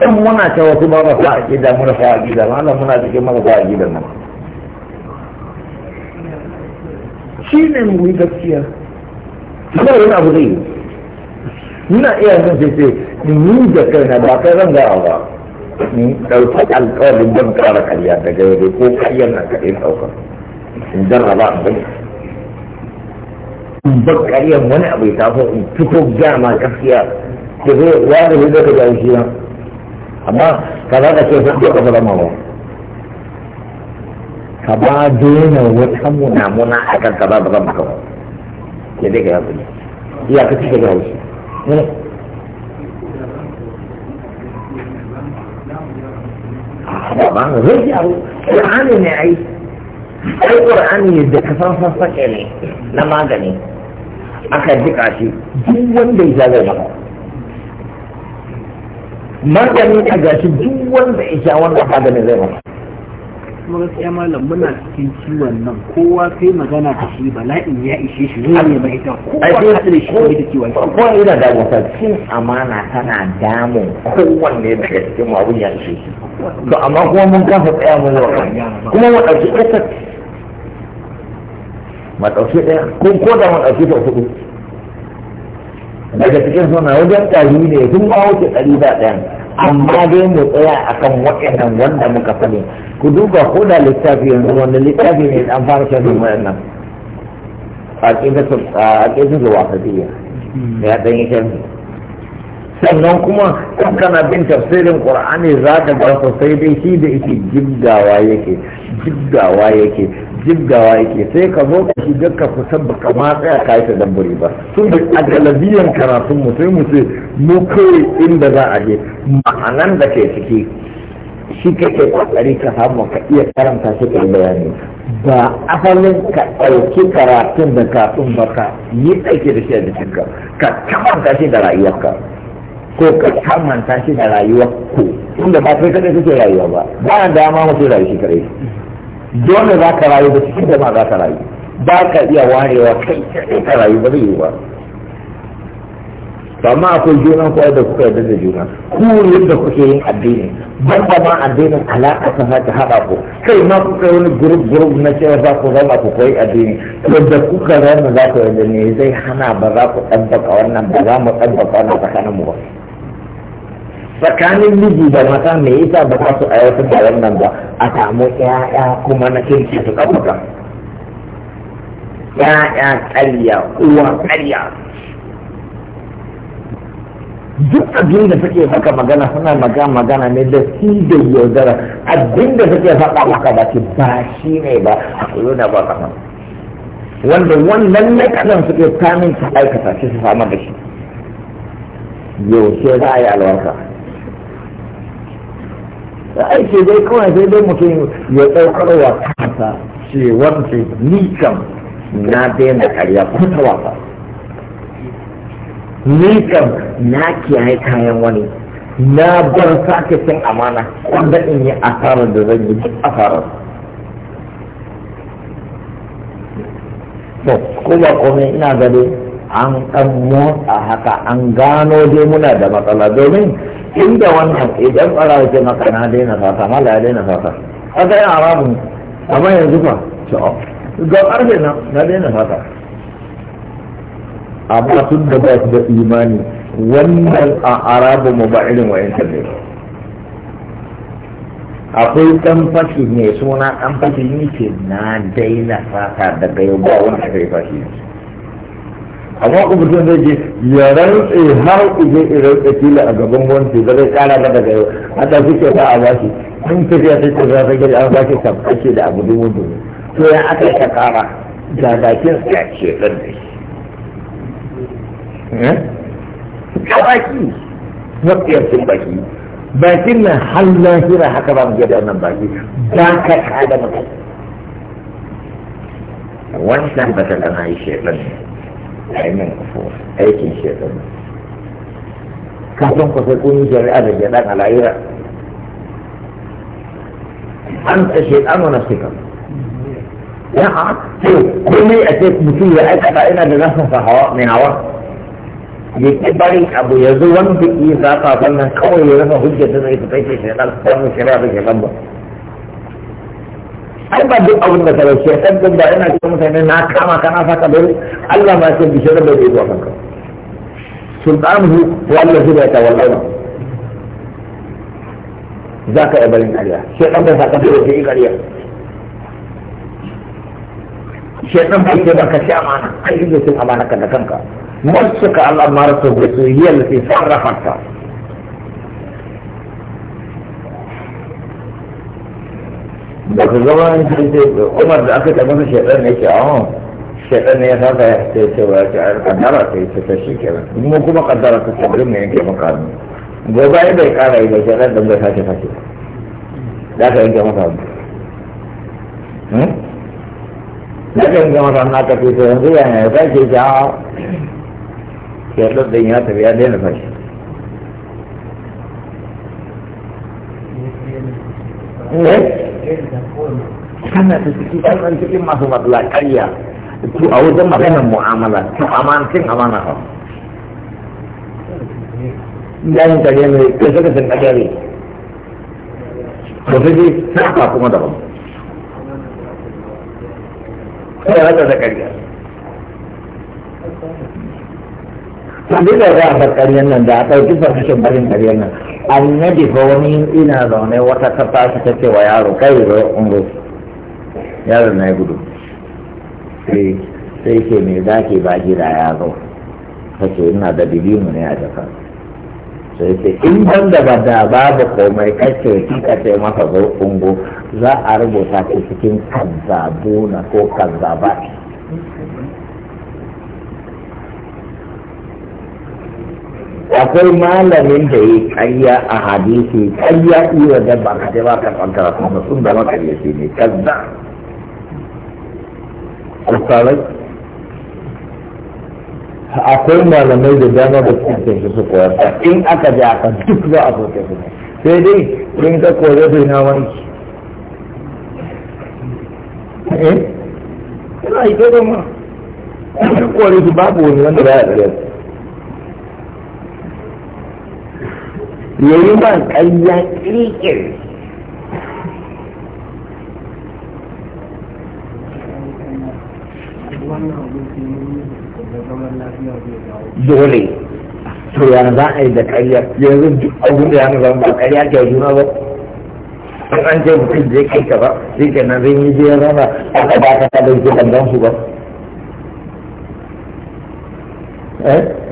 in muna ta wasu ba masu a gida muna fa a gida ma muna cikin muna fa a gidan nan shi ne mu yi gaskiya muna yin abu zai yi muna iya yin sai sai ni da kaina ba kai zan gawa ba ni ɗauki alƙawarin ban ƙara karya daga yau ko karyar na kaɗai ɗaukar in jarraba in gani in ban karyar wani abu ya taso in fito gama gaskiya ke zai wani zai ka jawo shi nan amma ka za ka ce sun ɗauka ba zama ba ka ba daina wata munamuna a kan ka za ka zama kawai ke dai ga yabu iya ka cika ah, ga haushi da ba mu zai yaro qur'ani ne ai ai qur'ani da kasan sassake ne na magani aka jika shi duk wanda ya zai maka magani a gashi duk wanda ya sha wannan maganin zai maka kuma gaskiya malam muna cikin ciwon nan kowa sai magana da shi bala'in ya ishe shi ne ne ba ita kowa ka da shi ne da ciwon kowa yana da wata cin amana tana damu kowanne ke cikin abun ya ishe shi to amma kuma mun kafa tsaya mu wa kuma mu dauki ɗaya ma dauki ɗaya ko ko da mu dauki ta hudu daga cikin suna wajen ɗari ne sun ba wuce ɗari ba ɗaya amma dai mu tsaya akan waɗannan wanda muka sani ku duba ko da littafi yanzu wanda littafi ne an fara shafin nan. a ƙidasun da wasatiyya ya ɗan shan su sannan kuma kan kana bin tafsirin ƙur'ani za ka gasa sosai dai shi da yake jibgawa yake jibgawa yake jibgawa yake sai ka zo ka shiga ka kusan baka ma tsaya ka yi ta dambari ba sun da a galabiyan karatun mu sai mu ce mu kai inda za a je ma'anan da ke ciki shi kake kokari ka samu ka iya karanta shi ka bayani ba asalin ka ɗauki karatun da kafin ba ka yi aiki da shi a jikin ka kamanta shi da rayuwarka ko ka kamanta shi da rayuwar ku inda ba kai kaɗai kake rayuwa ba ba dama mutum rayu shi kaɗai. dole za ka rayu da cikin da ma za ka rayu ba ka iya warewa kai kai ka rayu ba zai yi ba to amma akwai juna ko da kuka yarda da juna ku yadda kuke yin addini ban da ma addinin alaƙa ta haka haɗa ku kai ma ku kai wani gurup gurup na cewa za ku zama ku koyi addini to da kuka zama za ku yarda ne zai hana ba za ku ɗabbaka wannan ba za mu ɗabbaka wannan tsakanin mu ba tsakanin miji da mata me yasa ba za su aiwatar da wannan ba a samu ƴaƴa kuma na kirki su kafuka ƴaƴa ƙarya uwa ƙarya duk abin da suke maka magana suna magana magana ne da su da yaudara abin da suke faɗa maka ba ce ba shi ne ba a koyo da ba kama wanda wannan ne kadan suke kamin su aikata shi su samar da shi yaushe za a yi alwarka aiki dai kawai sai dai mutum ya ɗaukar wa kansa ce wanda ni kam na daina karya ko ta wasa ni kam na kiyaye kayan wani na bar sake cin amana wanda in yi asarar da zan yi duk asarar to ko ba komai ina gado an ɗan motsa haka an gano dai muna da matsala domin inda wannan idan tsara ce maka na daina sata mala ya daina sata haka a arabun amma yanzu fa ga ƙarfe na na daina sata amma sun da ba su da imani wannan a arabu mu ba irin wa wayan ne akwai ɗan fashi ne suna ɗan fashi ne ce na daina sata daga yau ba wani kai fashi ne amma ubutun zai ke ya rantse har ije irin tsakila a gaban wanti da zai kara ba daga yau hada fi kyauta a bashi an tafiya ta ce za ta gari an sake tabbace da abu dubu dubu to ya aka ta kara da bakin ya ce dan da shi ka eh? baki mafiyarcin baki bakin nan har lahira haka ba mu gada wannan baki ba ka kada mutum wannan ba ta tana yi shekaru ne a aikin shekaru kafin ku sai kun yi shari'a da ke a la'ira an ta shaɗan wani sikar ya ha ce komai a ce mutum ya aikata ina da nasa sa hawa mai hawa ya ke bari abu ya zo wanda iya zafa sannan kawai ya rasa hujjar da zai fita ke shaɗan samun shari'a da shaɗan ba ai ba duk abin da kare shi dan din ba ina cikin mutane na kama kana saka dole Allah ma ce bi shirin da zai zuwa kanka sultanuhu wallahi la tawallana zaka ya barin ƙarya shi dan da saka dole sai ƙarya shi dan ba ke baka shi amana ai da sun amana kan da kanka mutsaka al'amara to bi su yalla sai sarrafa ta da su zama ne umar da aka tabbata ne ke awon oh, shaɗar ne ya saka ya ta yi cewa ce a kaddara ta yi ta shi kenan mu kuma kaddara ta ce ne yanke maka ne gobe ai bai kara yi ba shaɗar da bai sake sake da ka yanke maka hannu da hmm? ka yanke maka hannu aka ce yanzu yana ya sake ja ah, shaɗar da ya tafi ya daina sake eh? kana da ciki cikin masu matsala karya to a wajen maganar mu'amala to amana cin amana fa yayin kare ne san kare to sai kuma sai nan da a barin ƙaryar nan annabi fa wani ina zaune wata ta tashi ta yaro kai zo umro yaro na gudu sai ke me zaki ba gida ya zo ta ina da dibinu ne a jaka sai ce in ban da bada babu komai kace ki ka ce masa zo ungo za a rubuta ki cikin kazzabuna ko kazzabati akwai malamin da ya karya a hadisi karya iya da ba ka ba ka tsantara kuma sun da makaryaci ne kazza alfarai akwai malamai da dama da suke tafi su koyar in aka ji aka duk za a soke su sai dai in ka koyar da na wani eh ina ita da ma ka koyar su babu wani wanda ba ya tsare ya yi ma ƙirƙir dole to ya za a yi da ƙarya yanzu duk abin da ya ba ƙarya ke juna ba an an ce mutum kai ka ba ke nan zai yi jiya a ka ba ka ta da su ba eh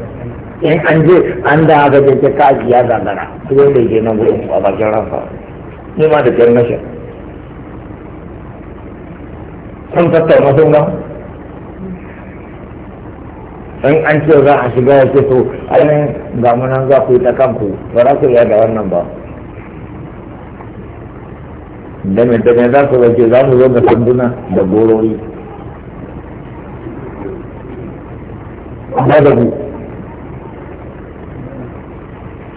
in an je an da aka je ta kaji ya gagara ko da ke nan gudun a bakin ransa ne ma da kyan nashin sun tattauna sun gan in an ce za a shiga ya ce to ainihin ga munan za ku yi ta kanku ba za ku iya da wannan ba da mai da mai za ku zace za mu zo da sanduna da gorori amma da ku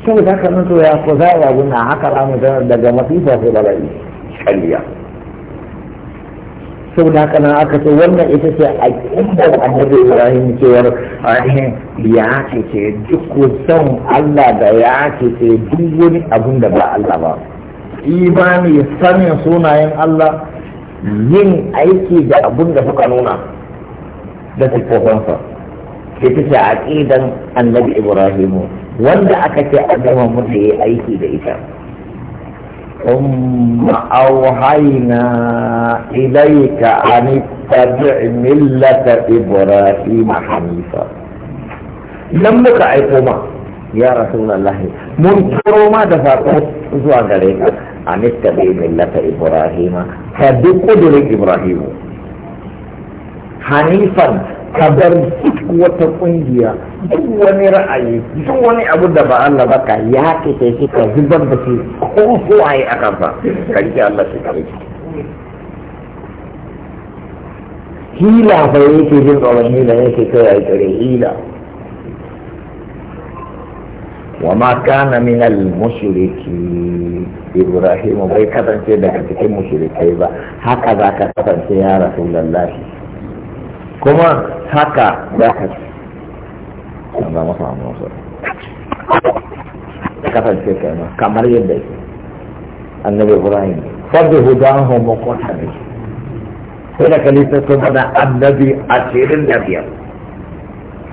saboda haka nan to ya ko za a yi na haka ramu daga masifa sai bala'i shariya saboda haka nan aka ce wannan ita ce a ƙindar annabi ibrahim cewar ainihin ya ce ce duk son allah da ya ce ce duk wani abun da ba allah ba imani sanin sunayen allah yin aiki da abun da suka nuna da siffofinsa ita ce a ƙidan annabi ibrahimu wanda aka ce a gama mutu ya aiki da ita ثم أوحينا إليك أن اتبع ملة إبراهيم حنيفا لم تعقما يا رسول الله من كرما دفعت زوا غريك أن اتبع ملة إبراهيم فبقدر إبراهيم حنيفا ka bar duk wata kungiya duk wani ra'ayi duk wani abu da ba Allah ba ka ya ke sai shi ka zubar da shi ko suwaye a ba, ka rike Allah shi ka rike hila fa yake jin tsoron hila yake kai a kare hila وما كان من المشركين إبراهيم بي كتن ba, haka مشركي با هكذا كتن يا رسول الله kuma haka za ka an za masa amma wasu ya kasance kai kamar yadda yake annabi ibrahim fadda hudan homo kwata ne sai da kalisa sun bada annabi ashirin da biyar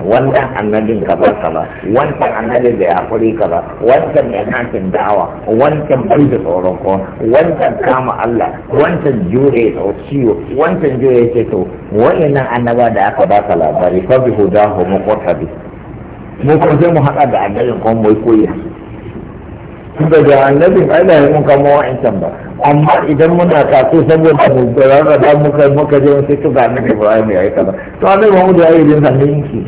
wannan annabin kaza kaza wancan annabin da ya kuri kaza wancan mai hakin da'awa wancan bai da tsoron ko wancan kama Allah wancan jure da ciwo wancan jure ce to Wannan annaba da aka ba ka labari fa bi hudahu muqtabi mu ko sai mu haɗa da annabin ko mu koyi tunda da annabin Allah da mun kama wa'ancan ba amma idan muna kaso saboda mu rarraba muka muka je sai to ga annabi Ibrahim ya yi kaza to annabi Muhammad ya yi din sanin shi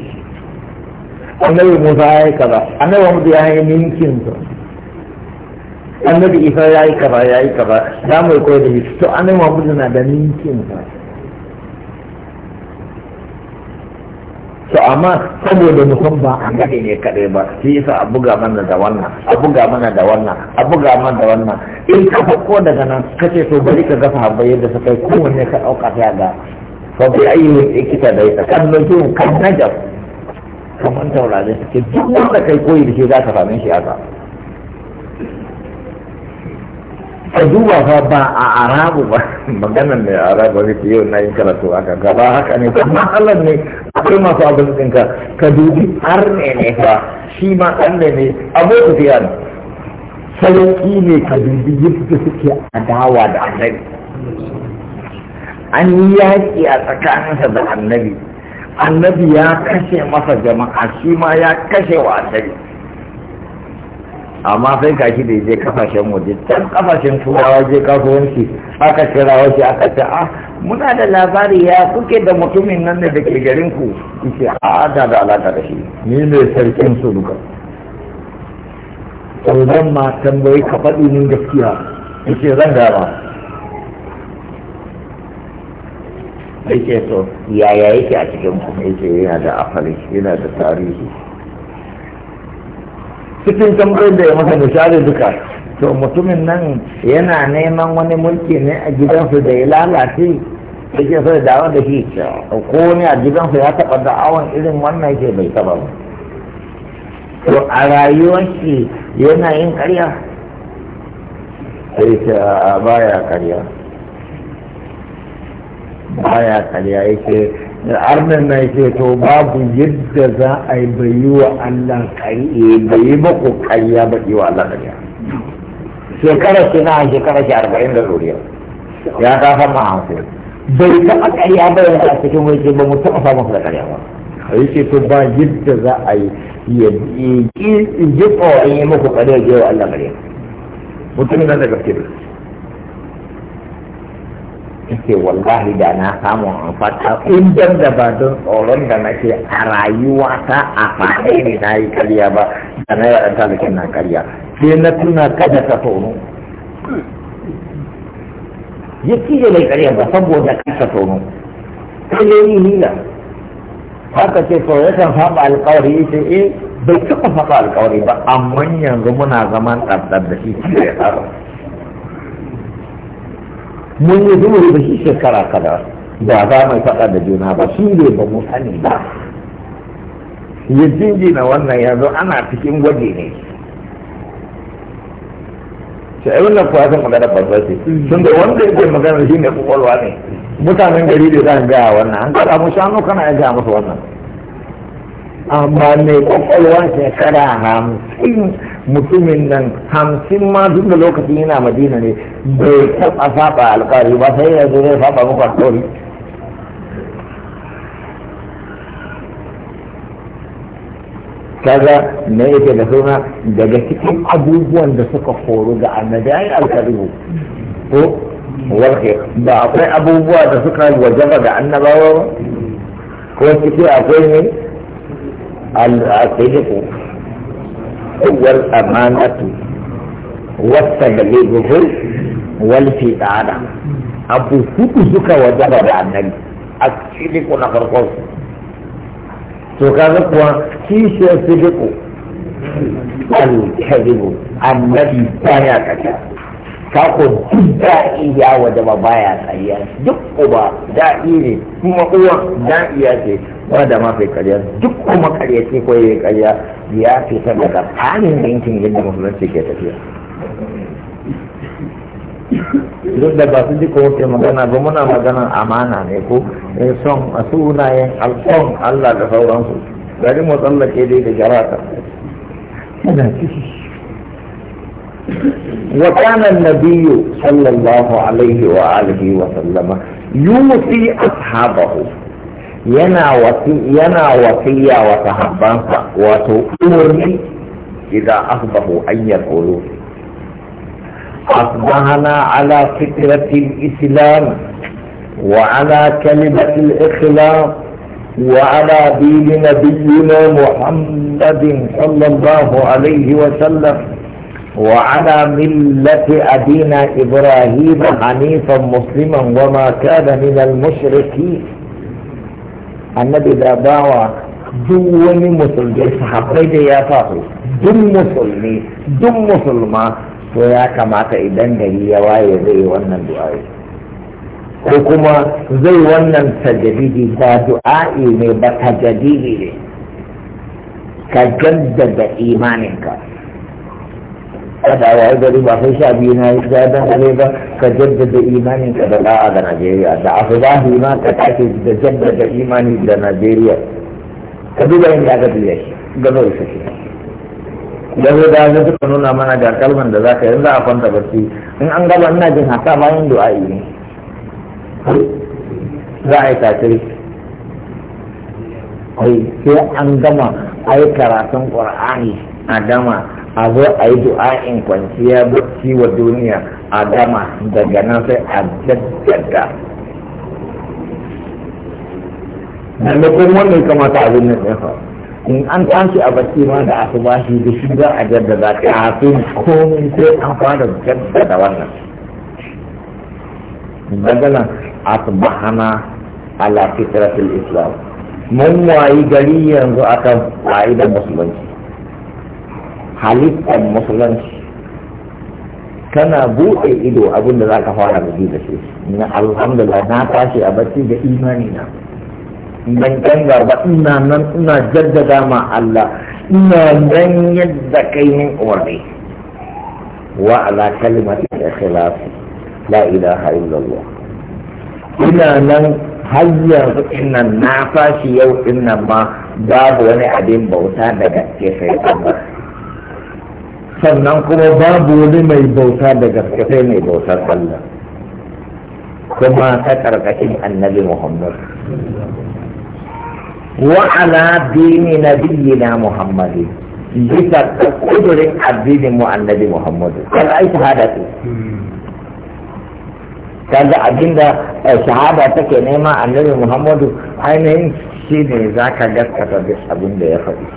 annabi musa ya yi kaza annabi mutu ya yi ninkin su annabi isa ya yi kaza ya yi kaza za mu yi koyar da shi to annabi mutu na da ninkin sa to amma saboda mutum ba a ne kaɗai ba shi yasa a buga mana da wannan a buga mana da wannan a buga mana da wannan in ka ko daga nan ka ce to bari ka gafa habba yadda suka yi kowanne ka ɗauka ta ga fa bi ayyi ikita da ita kan nujum kan najab kamar taurari suke duk wanda kai koyi da ke za ka same shi haka ka duba fa ba a arabu ba *laughs* maganan ne arabu ne yau na yin karatu haka gaba haka ne kuma Allah ne akwai masu abin ɗinka ka dubi har ne fa shi ma an ne abu tafiya ne sarki ne ka dubi yadda suke adawa da annabi an yi yaƙi a tsakaninsa da annabi annabi ya kashe masa jama'a shi ma ya kashe wa amma sai ka shi da je kafashen waje can kafashen turawa je kasuwanci aka kira waje aka ce a ah, muna da labari ya kuke da mutumin nan da ke garin ku yace a ah, da da alaka da shi ni ne sarkin su duka to zan ma tambayi ka faɗi min gaskiya yace zan gaba sai ce to yaya yake a cikin ku yake yana da afali yana da tarihi cikin tambayin da ya masa misali duka to mutumin nan yana neman wani mulki ne a gidansu da ya lalace yake sai da wanda shi ko ne a gidansu ya taɓa da'awan irin wannan yake mai taɓa ba to a rayuwar shi yana yin ƙarya sai ta baya ƙarya باید علی ایشی ارمی میشی تو باب جد زا ای بیو اللہ قریئی بیبقو قریئی بیو اللہ قریئی شکرشی نا شکرشی اربعین لوریا یا کافا ما آنسی بیتا قریئی بیو اللہ سکیم ویشی بمتقفا مخلق علی ایشی ایشی تو با جد زا ای یبقو ایمکو قریئی بیو اللہ قریئی متنی نظر کفتی بیو yake wallahi da na samu a amfata in dan da ba don tsoron da nake a rayuwa ta a faɗi ne na yi karya ba da na yi ta da na karya sai na tuna kada ta tono ya cije mai karya ba saboda kasa tono sai ne yi hila haka ce to ya faɗa alƙawari ya ce eh bai taɓa faɗa alƙawari ba amma yanzu muna zaman ɗabɗab da shi ya tsara mun yi zuwa da shi shekara kada ba za mu faɗa da juna ba shi ne ba mu sani ba ya jingina wannan yanzu ana cikin gwaji ne sai ai wannan kuwa zan magana banza ce sun da wanda ya kai magana shi ne kwakwalwa ne mutanen gari da za a gaya wannan an kada mu shanu kana ya gaya musu wannan amma mai kwakwalwa shekara hamsin mutumin nan hamsin ma duk da lokacin yana madina ne bai eh, taɓa saba alƙari ba sai yanzu zai saba muku ɗori. kaga na yake da suna daga cikin abubuwan da suka koru ga annabi ai alkaribu ko warke ba akwai abubuwa da suka wajaba ga annabawa ba ko ciki akwai ne al-asidiku wal amanatu wasta da walfi ɗana abu hudu suka wajaba da annabi a sidiku na farko to kaga kuwa kishiyar sidiku alkaribu annabi baya kasa kako duk da'i ya wajaba baya tsayya duk uba da'i ne kuma uwa ya ce ba da ma fai karya duk kuma karya ce ko ya karya ya fita daga tsarin yankin yadda musulunci ke tafiya duk da ba su ji ko ke magana ba muna magana amana ne ko eh, son a sunayen alkon Allah da sauransu gari mu tsallake dai da jarata yana ciki wa kana nabiyyu sallallahu alaihi wa alihi wa sallama yusi ashabahu yana wasi yana wasiya wa sahabbansa wato umurni idan asbahu an yaqulu أصبحنا على فكرة الإسلام وعلى كلمة الإخلاق وعلى دين نبينا محمد صلى الله عليه وسلم وعلى ملة أبينا إبراهيم حنيفا مسلما وما كان من المشركين النبي ذا دعوة دون مسلمين صحابي يا فاطمة دون مسلمين دون مسلم to ya kamata idan gari ya waye zai wannan du'a'i ko kuma zai wannan tajadidi ba du'a'i ne ba tajadidi ne ka jaddada imaninka kada wa gari ba sai sha biyu na yi zaɗin kare ba ka jaddada imaninka da da'a ga najeriya da a zahi ma ka kake da jaddada imani da najeriya ka duba yin da aka biya shi gano isa shi yahuda ne suka nuna mana ga kalman da zaka yanzu a kwanta barci in an gaba ina jin haka bayan du'a'i ne za a yi kafiri kai sai an gama a yi karatun ƙur'ani a gama a zo a yi du'a'in kwanciya barci wa duniya a gama daga nan sai a jaddada da kuma wannan kamata abin nan ya faru in an tashi a bacci ma da aka bashi da shi za a jaddada kafin komai sai an fara jaddada wannan magana asbahana ala fitratul islam mun wayi gari yanzu akan fa'idar musulunci halittar musulunci tana buɗe ido abinda za ka fara da shi na alhamdulillah na tashi a bacci da imani na من جنجر وإنا من إنا جدد مع الله إنا من يدكي من أمره وعلى كلمة الإخلاص لا إله إلا الله إنا من هيّر إن النعفاش يو إنما باب وني عدين بوتا نجد في أمره sannan kuma babu wani mai bauta da gaskasai mai bautar Allah kuma ta ƙarƙashin annabi Muhammad وعلى دين نبينا محمد bisa kudurin addinin mu annabi Muhammadu kan ai shahada ce kaga abinda shahada take nema annabi Muhammadu ainihin shi ne za ka gaskata duk abin ya faɗi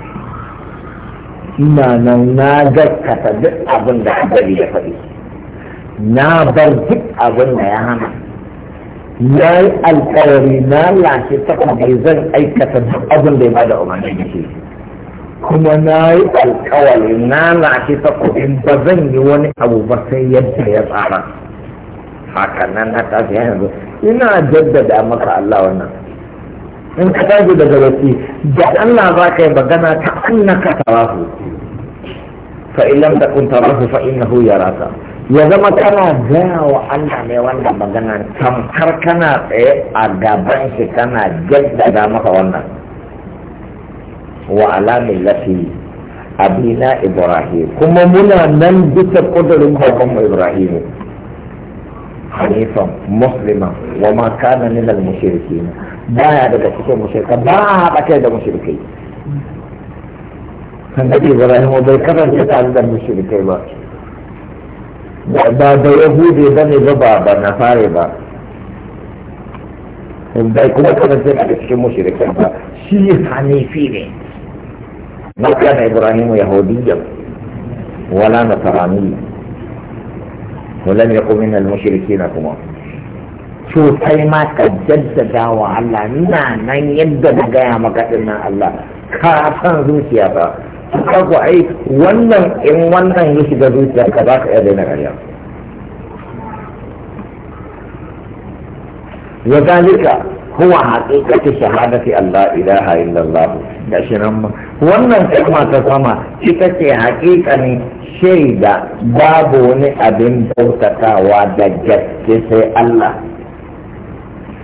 ina nan na gaskata duk abin da ya faɗi na bar duk abin ya hana ya yi alkawari na lashe da zan aikata duk abin da ya bada umarni da shi kuma na yi alkawari na lashe takobin ba zan yi wani abu ba sai yadda ya tsara haka nan na tafi yanzu ina jaddada maka Allah wannan in ka tafi daga baki da Allah za ka yi magana ta annaka tarahu fa illam takun tarahu fa ya rasa. ya zama kana gaya wa Allah mai wannan magana tamkar kana tsaye a gaban shi kana jaddada maka wannan wa alamin lafi abina ibrahim kuma muna nan bisa kudurin babanmu ibrahim hanifan muslima wa ma kana min al mushrikin baya daga cikin mushrika ba a kai da mushrikai kan da ibrahim bai kasance tare da mushrikai ba ba da yahudi ba ne ba ba na fare ba bai kuma kasance daga cikin mushrikan ba shi hanifi ne ma kana ibrahimu yahudiyya wala nasrani ولم يكن من المشركين كما شو kai ma ka jaddada wa Allah ina nan yadda na gaya maka dinnan Allah ka san zuciya ba kaku ai wannan in wannan ya shiga zuciya ka za ka iya daina ƙarya wa zalika huwa haqiqatu shahadati Allah ilaha illallah da shirin wannan kalma ta sama ita ce haƙiƙanin shaida babu wani abin bautatawa da gaske sai Allah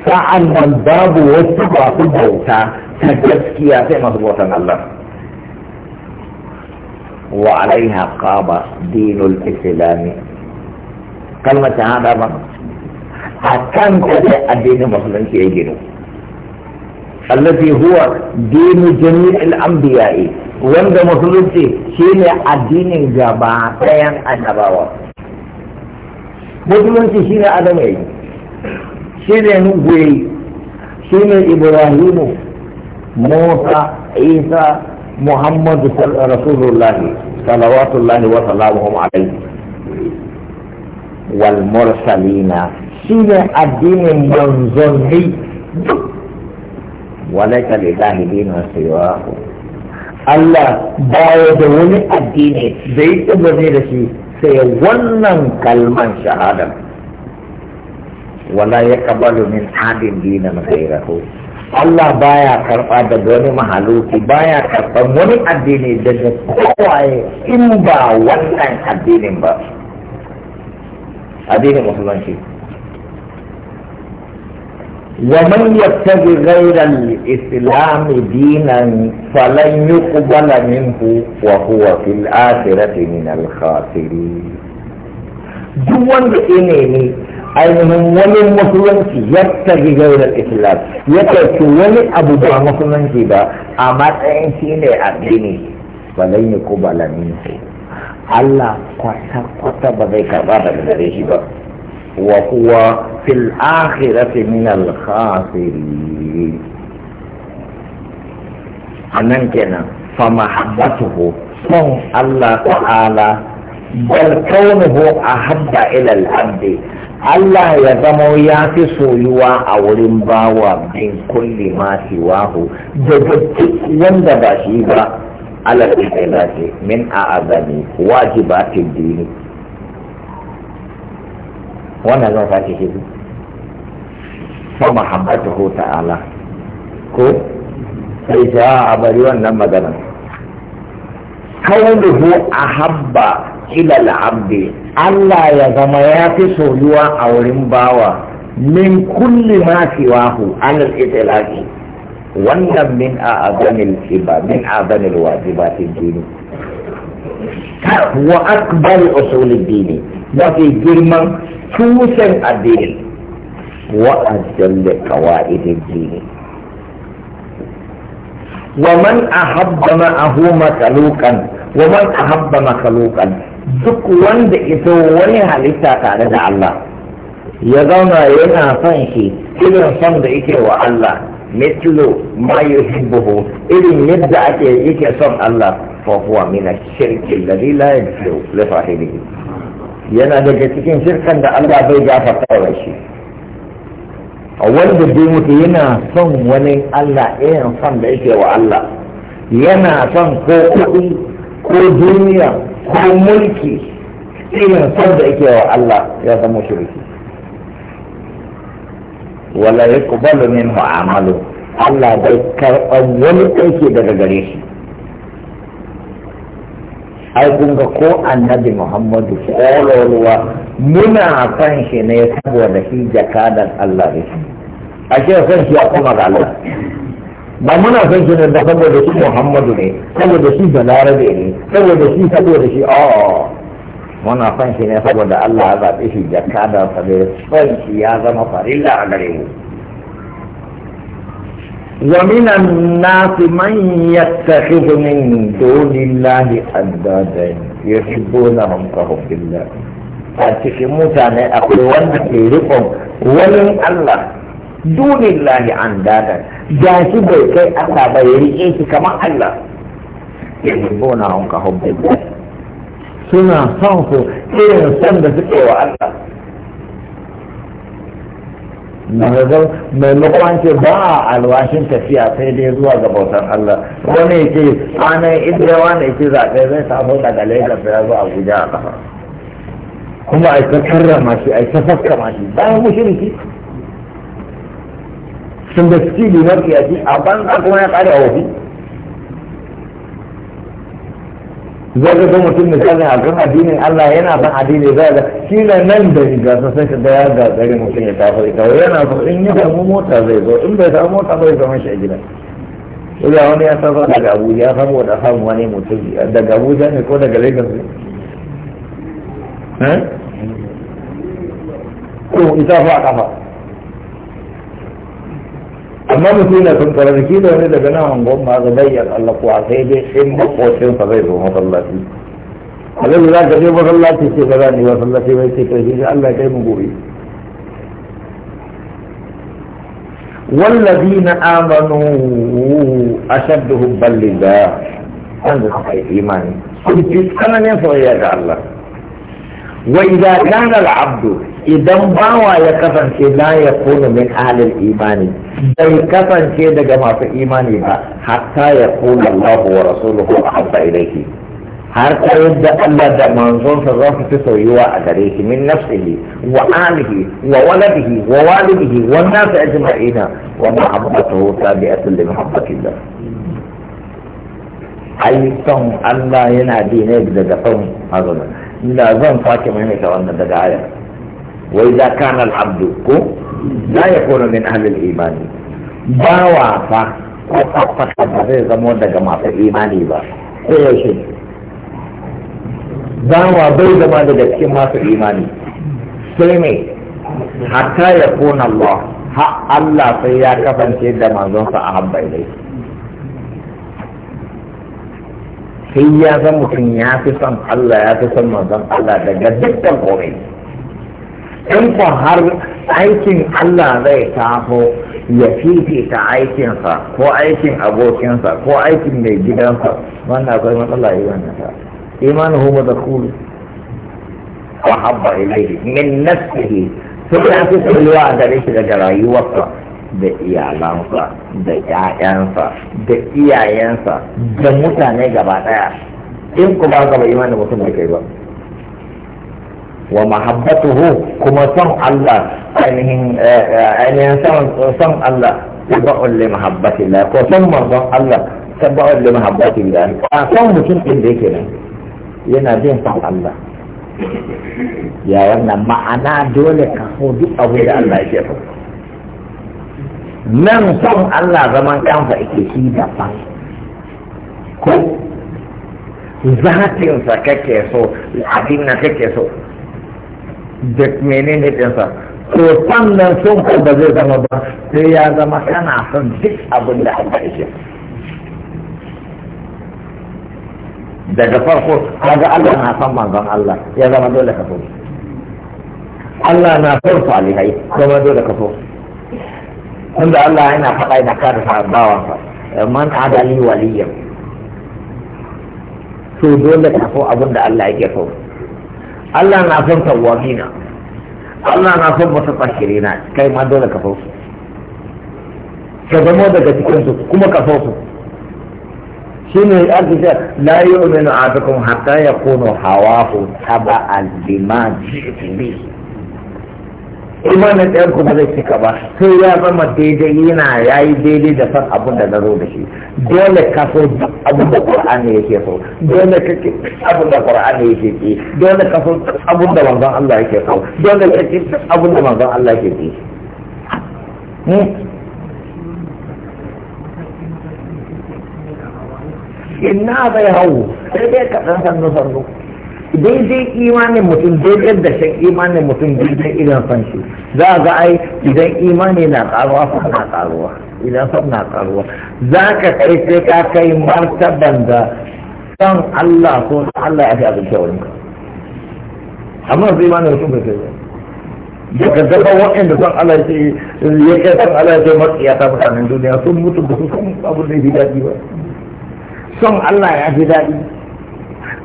sa'an nan babu wasu masu bauta ta gaskiya sai masu bautan Allah وعليها قام دين الإسلام كلمة هذا ما أكان الدين المسلم يجنو الذي هو دين جميع الأنبياء wanda musulunci shine addinin gaba ɗayan annabawa musulunci shine adam yayi shine nuhu yayi shine ibrahimu musa isa محمد رسول الله صلوات الله وسلامه عليه والمرسلين سيد الدين المنظري وليس لله دين سواه الله باعد ولي الدين بيت بذيرسي سيولا كلمة شهادة ولا يقبل من حد دينا غيره Allah baya karɓa daga wani mahaluki baya karɓan wani addini daga kowaye in ba wannan addinin ba addinin musulunci ومن يبتغي غير الإسلام دينا فلن يقبل منه وهو في الآخرة من الخاسرين. دون إنني ainihin wani musulunci ya tafi gairar islam ya ɗauki wani abu ba musulunci ba a matsayin shi ne addini balai ya ko balami Allah kwata-kwata ba zai karba da gare shi ba wa kuwa fil akhirati min al khasirin anan kenan fa mahabbatuhu son Allah ta'ala bal kaunuhu ahabba ila al abdi Allah ya zama ya fi soyuwa a wurin bawa bin kulli ma siwahu daga duk wanda ba shi ba alal ikhlasi min a'azami wajibatin dini wannan zan sake shi fa muhammadu ta'ala ko sai ta a bari wannan magana kawai da a habba ilal abdi Allah ya zama ya fi soyuwa a wurin bawa min kulli ma siwahu anil itilaki wannan min a azamil kiba min azamil wajibatin dini wa akbar usulid dini mafi girman tushen addini wa ajalla qawaidid dini wa man ahabba ma'ahu makalukan wa man ahabba makalukan duk wanda iso wani halitta tare da Allah ya zauna yana son shi irin son da yake wa Allah mitlu ma yuhibbuhu irin yadda ake yake son Allah fa huwa min ash-shirki alladhi la li yana daga cikin shirkan da Allah bai gafarta wa shi wanda dai mutu yana son wani Allah irin son da yake wa Allah yana son ko kuɗi ko duniya ko mulki irin son da yake wa Allah ya zama shirki wala yaqbalu minhu amalu Allah bai karɓa wani aiki daga gare shi ai kun ga ko annabi Muhammadu kololuwa muna san shi ne saboda shi jakadan Allah ne a ce san shi ya kuma ga Allah ba muna son shi ne da saboda shi Muhammadu ne saboda shi Balarabe ne saboda shi saboda shi a muna son shi ne saboda Allah ya zaɓe shi jakka da saboda son shi ya zama farilla a gare mu ومن الناس من يتخذ من دون الله أندادا يحبونهم كحب الله. أتكلم متى أقول وأنت في رقم ولن الله lahi an dada ya shi bai kai Allah ba ya yi shi kamar Allah bona hum ka hubbillah suna son su irin son da suke wa Allah daga mai ce ba a alwashin tafiya sai dai zuwa ga bautar Allah wani ke ana inda wani ce zaɓe zai samu daga Lagos ya zo Abuja a ƙasa kuma a ta karrama shi a ta fakkama shi bayan mushriki tun da cibi mafiyaci a banza kuma ya kare a wafi zai ga mutum misali a kan addinin Allah yana ban addini zai ga shi na nan da shiga sa sai ka daya ga gare mutum ya tafi ita yana so in ya samu mota zai zo in bai samu mota zai zama shi a gida Ila wani ya saba daga Abuja saboda samun wani mutum daga Abuja ne ko daga Lagos ne? Eh? Ko ita fa a kafa. amma mutum yana son kararraki da wani daga nan hangon ma ga bayyana Allah ko a sai dai in makocin sa zai zo masallaci alal za ka je masallaci ce ba za ni masallaci bai ce kai shi Allah kai mu gobe والذين آمنوا أشد حبا لله أنت إيماني كنت أنا نفسي يا الله Wai idza kana al idan bawa ya kasance la ya kunu min ahli imani bai kasance daga masu imani ba hatta ya kunu Allah wa rasuluhu ahabba ilayhi har ka yadda Allah da manzon sa za su fi soyuwa a gare shi min nafsihi wa alihi wa waladihi wa walidihi wa nasu ajma'ina wa mahabbatuhu tabi'atun li mahabbatillah ai son Allah yana dine daga son azumin ina zan sake maimaita wannan daga ayar wai za kana al'abdu ko la ya kona min ahlil imani ba wasa ko tabbata ba zai zamo daga masu imani ba ko yaushe wa bai zama daga cikin masu imani sai mai hatta ya kona Allah ha Allah sai ya kasance da manzonsa a habbai ilai sai ya san mutum ya fi son Allah ya fi son manzon Allah daga dukkan komai in ko har aikin Allah zai taho ya fifita aikinsa ko aikin abokinsa ko aikin mai gidansa wanda akwai matsala yi wannan ta imanuhu madakulu wa habba ilaihi min nafsihi sai ya fi tsayuwa a gare shi daga rayuwarsa da iyalansa da ƴaƴansa da iyayensa da mutane gaba ɗaya in ku ba ka ba imanin mutum da kai ba wa mahabbatuhu kuma son Allah ainihin eh, eh, son Allah le li mahabbatillah ko son manzon Allah tabba'un li mahabbatillah a son mutum din da yake nan yana jin son Allah ya wannan ma'ana dole ka so duk abu da Allah ya ke so nan son Allah zaman kanfa ake shi da fa ko zatinsa kake so abin na kake so da menene ɗinsa to sannan son ko ba zai zama ba sai ya zama kana son duk abin da Allah yake daga farko kaga Allah na son manzon Allah ya zama dole ka so Allah na son salihai zama dole ka so tunda Allah yana faɗa yana kare sabawa man adali waliyan to dole ka so abin da Allah yake so Allah na son tawabina Allah na son wata tsakirina kai ma dole ka so su ka zama daga cikin su kuma ka so su shine arkisa la yu'minu ahadukum hatta yakunu hawahu taba'an lima ji'tu bihi imanin ɗayan kuma zai cika ba sai ya zama daidai yana ya yi daidai da san abin da na zo da shi dole ka so abin da ya yake so dole ka ki abin da ya yake ki dole ka so abin da manzon Allah yake so dole ka ki abin da manzon Allah yake ki hmm? ina bai hau sai dai ka ɗan sannu sannu daidai imanin mutum daidai da shan imanin mutum daidai idan san shi za ga ai idan imani na karuwa fa na karuwa idan san na karuwa za ka kai sai ka kai martaban da san Allah ko Allah ya fi abin kyau ne amma zai imanin mutum bai kai da ka zama waɗanda san Allah ya kai san Allah ya kai ta mutanen duniya sun mutu ba su san abin da ya fi daɗi ba son Allah ya fi daɗi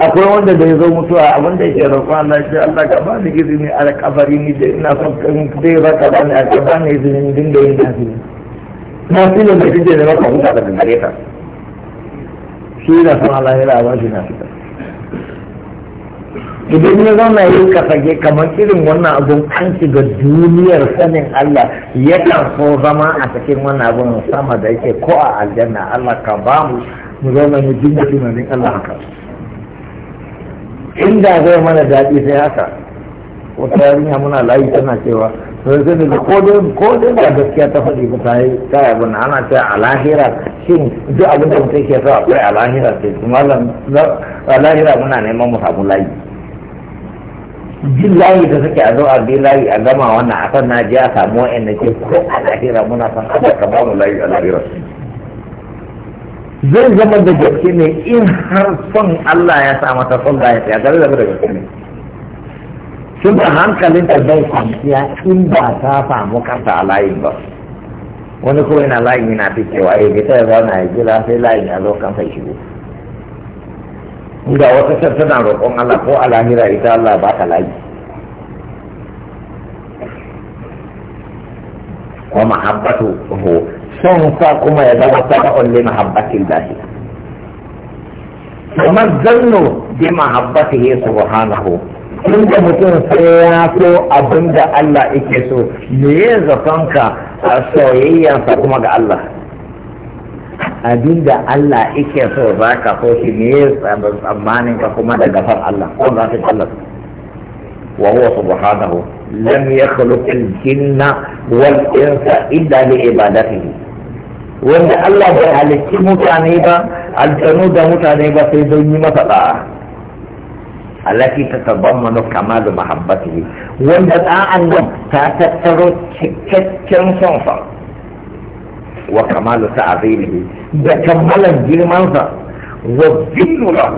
akwai wanda da ya zo mutuwa abinda yake roƙon Allah shi Allah ka ba ni izini a kabari ni da ina son kan zai ba ka ba ni a ka ni izini din da yin na fi nafili nafilin da kike da baka huta daga gare ta shi da san Allah ya ba shi nafila idan ya zauna yi kasage kamar irin wannan abun an shiga duniyar sanin Allah ya kan so zama a cikin wannan abun sama da yake ko a aljanna Allah ka ba mu mu zauna mu dinga tunanin Allah haka inda zai mana daɗi sai haka wata yarinya muna layi tana cewa sai da ko dai ko dai ba gaskiya ta faɗi ba ta yi ta yi abin ana ce a lahira shin duk abin da mutum ke so akwai a lahira sai kuma a lahira muna neman mu samu layi jin layi da suke a zo a bi layi a gama wannan a kan na je a samu wa'in da ke ko a lahira muna san a ka ba mu layi a lahira zai zama da gaske ne in har son Allah ya sa mata son da ya tsaya gare da da gaske ne sun da hankalin ta bai kwanciya in ba ta samu kanta a layin ba wani kuma yana layin yana fi cewa eh, ya fita ya zauna ya jira sai layin ya zo kansa shigo ga wata can tana roƙon Allah ko a lahira ita Allah ba ka layi wa mahabbatu تنفق ما يدرسها لمحبة الله وما الظن بمحبته سبحانه عند متون سياسو أبند الله إكسو ليز تنكا السوئية سكما الله أبند الله إكسو ذاك خوش ميز أمانين كما دفر الله قل راتب الله وهو سبحانه لم يخلق الجن والإنس إلا لعبادته wanda Allah bai halitti mutane ba aljanu da mutane ba sai don yi masa da'a allati tatabammanu kamalu mahabbatihi wanda da'an nan ta tattaro cikakken son sa wa kamalu ta'zimihi da kammalan girman sa wa zillu lahu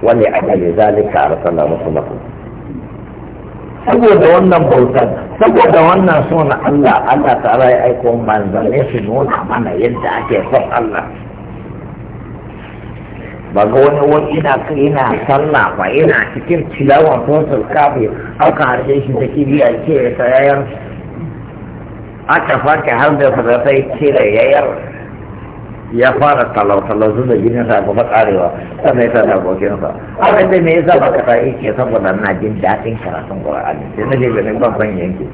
wa li ajali zalika arsala rasulahu saboda wannan bautar saboda wannan so na Allah Allah ta'ala ya aiko manzanni su nuna mana yadda ake son Allah ba ga wani wani ina ina sallah ba ina cikin tilawan fosil kafi aka harshe shi da kibiya ce ta yayar aka fake har da fadatai ce da yayar ya fara talau-talau sun da jinin sa kuma karewa sannan yasa da abokinsa abin da me yasa sa ka ta yake saboda na jin daɗin karatun ƙwararri sai na je ganin babban yanki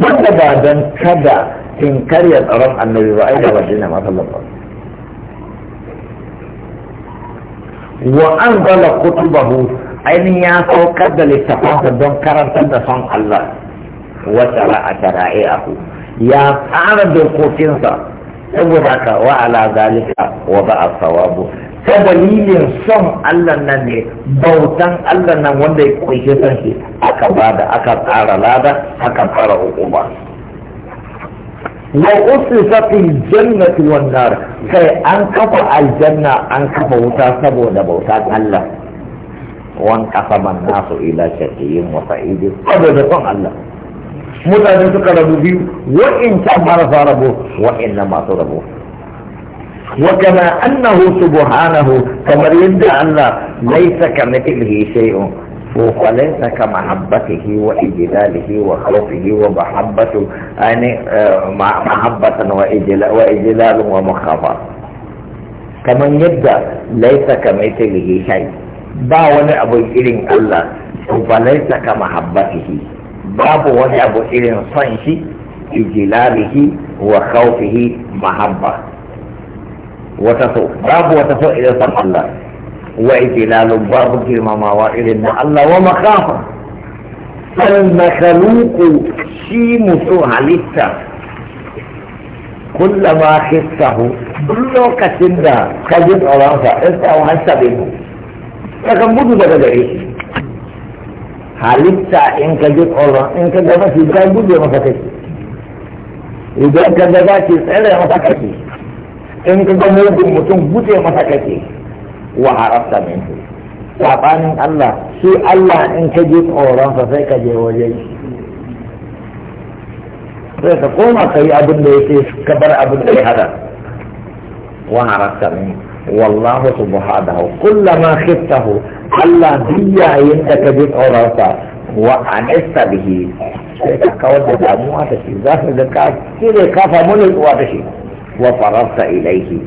wanda ba don kada in karya tsaron annabi ba ai da ba dina masu lafa wa an zala kutubahu ainihin ya saukar da littafansa don karantar da son Allah wata ra'a shara'i'ahu ya tsara dokokinsa saboda ka wa ala wa ba a sawabu ta dalilin son Allah nan ne bautan Allah nan wanda ya kunshe son shi aka bada aka tsara lada aka tsara hukuma wa usrisat aljannatu wan nar sai an kafa aljanna an kafa wuta saboda bautan Allah wan man nasu ila shaqiyyin wa sa'idin saboda son Allah mutane suka rabu biyu wa in ta marasa rabu wa in na masu rabu wa kama annahu subhanahu kamar yadda Allah laysa ka mithlihi shay'un wa qalaysa ka mahabbatihi wa ijlalihi wa khawfihi wa mahabbatu ani eh, mahabbatan wa kamar yadda laysa ka mithlihi ba wani abu irin Allah ko balaita ka mahabbatihi babu wani abu irin son shi ijilalihi wa khawfihi mahabba wata so babu wata so irin son Allah wa ijilalu babu girmamawa irin na Allah wa makafa فالمخلوق shi مسو halitta كلما duk كل وقت ده كجد أرانسا انت أو هسا بينه لكن بدو ده بدعيه halitta in ka ji tsoron in ka gaba shi ka guje masa kake idan ka gaba ki tsere masa kake in ka gaba mutum mutum guje masa kake wa harafta min su sabanin Allah shi Allah in ka ji tsoron sa sai ka je wajen shi sai ka koma ka yi abin da yake ka bar abin da ya hada wa harafta min su والله سبحانه كلما خفته ألا بيا ينتك بالأوراق وعنست به كود دموعك ذات ذكاء كده كفى ملك واتشي وفررت إليه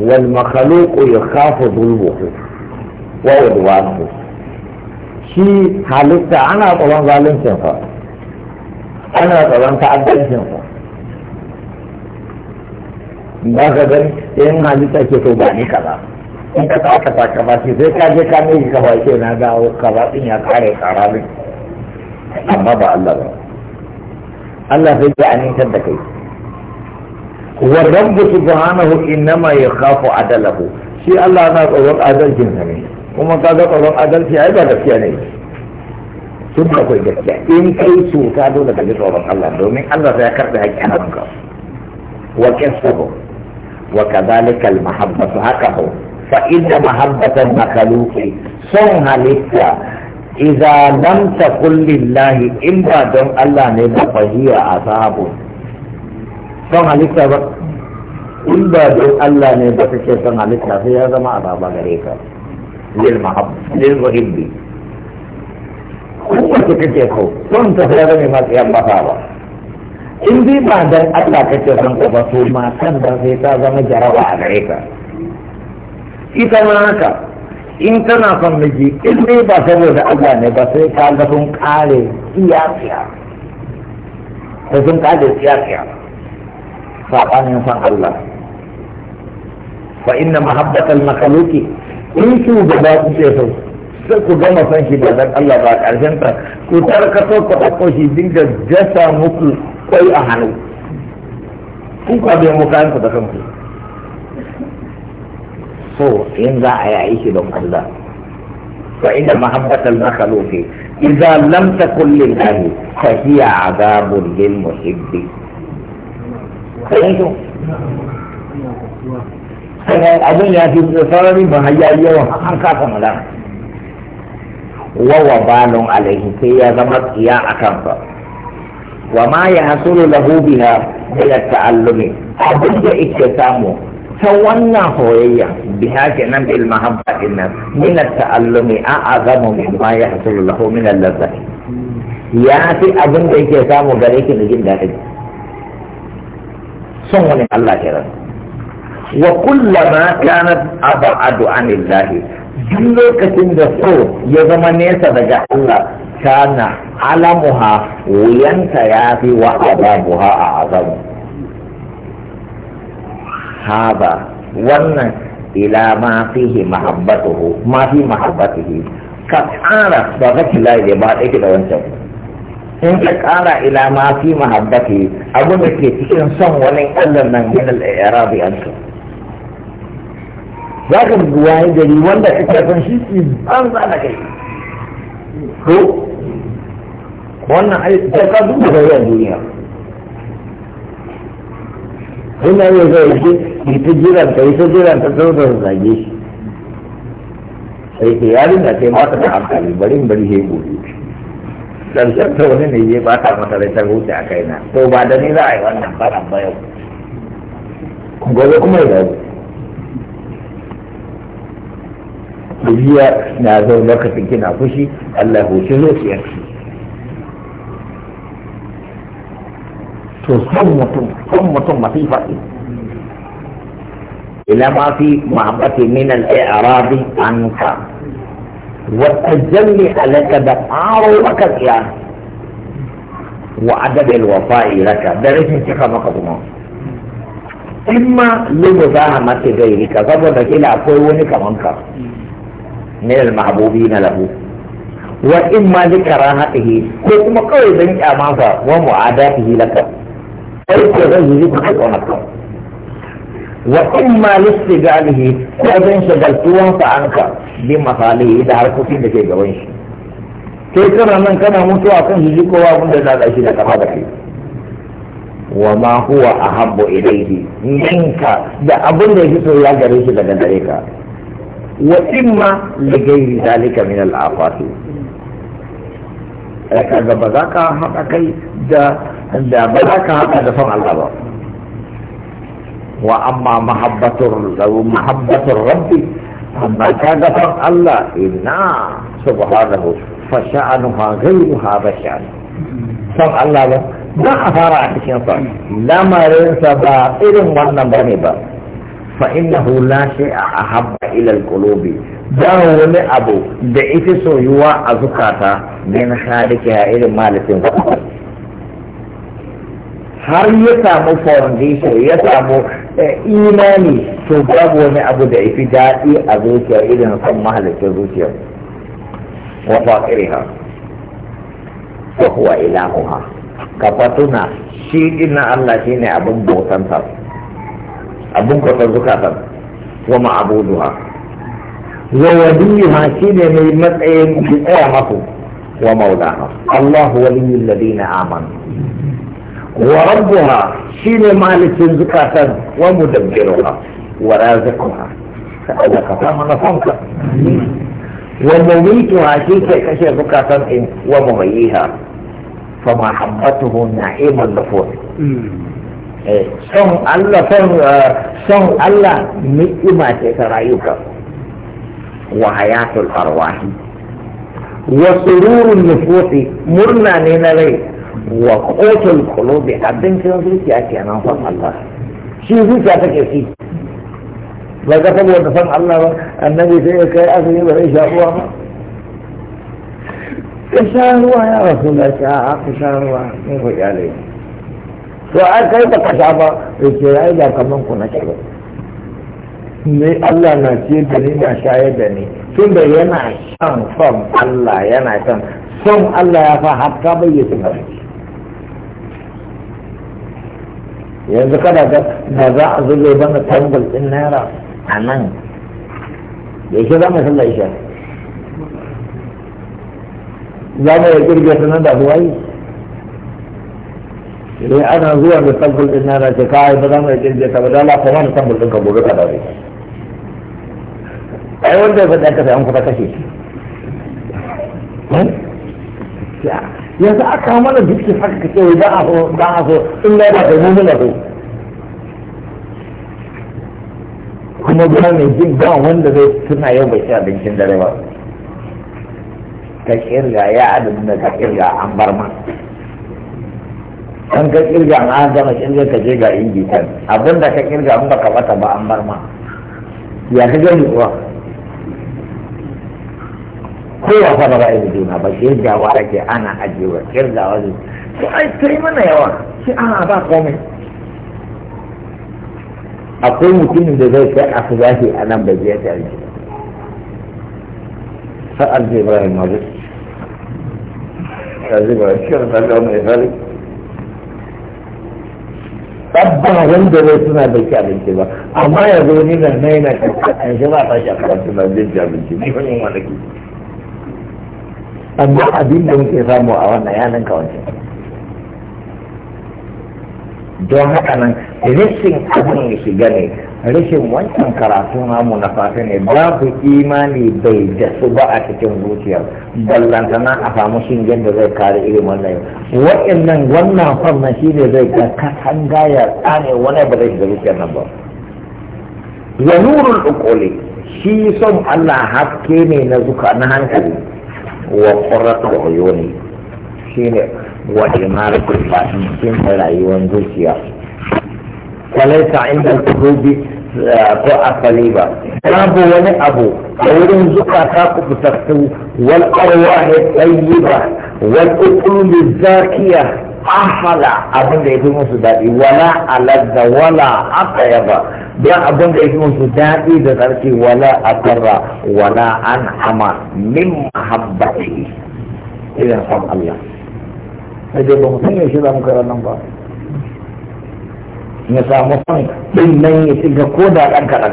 والمخلوق يخاف ظلمه وعدوانه شي حالك أنا طبعا ظالم سنفا أنا طبعا تعدل سنفا ba ka gani in halitta ke to ba ni kaza in ka ta ka saka ba shi sai ka je ka mai ka ba ke na dawo ka ba din ya kare kara min amma ba Allah ba Allah sai ya amintar da kai wa rabbu subhanahu innama yakhafu adalahu shi Allah na tsoron adalcin sa ne kuma ka ga tsoron adalci ai ba gaskiya ne tun akwai gaskiya in kai cuta dole ka ji tsoron Allah domin Allah sai ya karɓi haƙƙin ka wa kasabu وكذلك المحبة هكذا فإن محبة المخلوق صنها لك إذا لم تقل لله إلا دم الله نبا فهي عذاب صنها لك إلا دم الله نبا فهي صنها لك فهي عذاب عذاب غريك للمحبة للمحب قوة كتير صنها لك فهي عذاب in dai ba dan Allah ka ce san ka ba to matan ba sai ta zama jaraba a gare ka ita ma haka in tana son miji in dai ba saboda Allah ne ba sai ka ga sun kare tsiya sai sun kare tsiya-tsiya san Allah fa inna mahabbatal makhluqi in shugaba kuke sai sai ku gama san shi ba dan Allah ba karshen ta ku tarkato ku ɗauko shi dinga jasa muku kwai a hannu ku ka bai mu kayan ku da kanku so in za a yayi shi don Allah fa inda mahabbatal makhluqi idza lam takul lillahi fa hiya azabun lil muhibbi kayanto abin ya fi sarari ba hayya yawa an kasa magana wawa balon alaihi sai ya zama tsiya a kansa wa ma ya hasulu lahu biha ila ta'allumi abin da yake samu ta wannan hoyayya biha kenan bil mahabba dinnan min ta'allumi a azamu min ma ya hasulu lahu min al-lazzati ya fi abin da yake samu gare ki da jin daɗi son wani Allah kenan wa kullama kanat abadu anillahi duk lokacin da so ya zama nesa daga Allah kana alamuha wuyanta ya fi wa ha a azabu haba wannan ila ma fihi mahabbatuhu ma fi mahabbatihi ka tsara ba ka kila da ba ɗaya da wancan in ka tsara ila ma fi mahabbati abin da ke cikin son wani Allah nan min yara irabi za ka waye gari wanda kake son shi ki an za da kai ko wannan ai da ka duba da yawan duniya ina yau zai yi ta jiran ta yi ta jiran ta zo da zage shi sai ke yarin da kai mata ta hankali bari bari he gobe karshen ta wani ne ya bata mata rai ta huce a kaina to ba da ni za a yi wannan faɗan ba yau gobe kuma ya zai duniya na zaune lokacin kina fushi Allah ya su zuciyarki to son mutum son mutum masifa ne ila ma fi mahabbati min al-i'radi anka wa tajalli alaka da aro maka tsiya wa adab al-wafa'i laka da rashin cika maka kuma imma lugu za a mace gairi ka saboda kila akwai wani kamar ka min al-mahbubin lahu wa imma li karahatihi ko kuma kawai dan kyamansa wa mu'adatihi laka sai ko zan yi ku kai kaunarka wa imma li istigalihi ko dan shagaltuwansa anka bi masalihi da harkokin da ke gaban shi sai kana nan kana mutuwa kan hiji kowa abin da zaɗa shi da kafa da kai wa ma huwa ahabbu ilayhi minka da abin da yake so ya gare shi daga gare ka وإما لغير ذلك من الآفات هذا بذاك هذا كي دا دا بذاك هذا دا الله وأما محبة لو محبة الرب أما كان فرع الله إنا سبحانه فشأنها غير هذا الشأن فرع الله لا أثار عن الشيطان لا ما رنسى با إذن ما نمبر فإنه لا شيء أحب إلى القلوب ده وني أبو ده إتي سويوا أزكاتا من خالقها إلى مالك har ya samu foundation ya samu eh, imani to babu wani abu da ifi daɗi a zuciya irin son mahalicin zuciya wa faƙiriha ila ku ilahuha kafa fatuna shi ina Allah ne abin bautansa abin kwatar zukatan wa ma'abuduha wa waliyuha shine mai matsayin ki tsaya masu wa maulaha Allah waliyul ladina amanu wa rabbuha shine malikin zukatan wa mudabbiruha wa raziquha Allah ka fama na fanka wa mumituha shi ke kashe zukatan in wa mumayyiha fa mahabbatuhu na'imul nufus son Allah son son Allah ni'ima ce ta rayuka wa hayatul arwah wa sururun nufusi murna ne na rai wa qutul qulubi abin ce ne shi zuciya kenan son Allah shi zuciya take shi ba ga da son Allah ba annabi sai kai azumi ba sai shafuwa ba ka ruwa ya rasulullahi a sha ruwa ne ko iyalai to an kai ba ka sha ba ya ce ya yi da kaman ku na shiga ne Allah na ce da ni na shayar da ni tun da yana shan son Allah yana shan son Allah ya fa hatta bai yi cin abinci yanzu kada ga da za a zube bana tambal din naira a nan da shi za mu sallah isha za mu ya kirge sanar da buwayi idan ana zuwa da samfur ɗin nana ce kai ba za mu yi kirje ta ba da lafa wani samfur ɗin ka gobe ka daure ai wanda ya faɗa kasa an kusa kashe hmm? yanzu aka mana duk da haka kake wai ba a so ba a so in na ba kai mun so kuma ba mai jin ba wanda zai tuna yau bai ci abincin dare ba ka kirga ya adadin da ka kirga an bar ma kan ka kirga an gama kirga ka je ga inji kan abin da ka kirga an baka bata ba an bar ma ya ka gani kuwa kowa fa da ra'ayi juna ba kirgawa ake ana ajiyewa kirgawa ne to ai kai mana yawa shi an ba komai akwai mutumin da zai kai a zafi a nan bai zai ta arziki sa'ar ibrahim ya sa'ar ibrahim shi ne mai zalik dabba wanda ne suna da ke abinci ba amma yanzu ni na na yana an shi ba ta shi a karatu na jin ci abinci ni fa yin wani amma abin da muke samu a wannan yanin kawance don haka nan rashin abin shiga ne rashin wancan karatu namu na fata ne babu imani bai da su ba a cikin zuciyar ballantana a samu shingen da zai kare irin wannan wa'annan wannan fannin shi ne zai ga katanga ya tsane wani ba zai shiga zuciyar nan ba ya nurul ukuli shi son Allah haske ne na zuka na hankali wa yoni shi ne wa imaratul fatin rayuwar zuciya walaisa inda al ko asali ba babu wani abu a wurin ta ku fitattu wal arwahi ba wal uquli zakiya ahala abin da yafi musu daɗi wala aladda wala aqyaba ba abin da yafi musu daɗi da tsarki wala akarra wala an'ama min mahabbati Allah ba za mu ba ya samu son ɗin nan ya shiga ko da ɗan kaɗan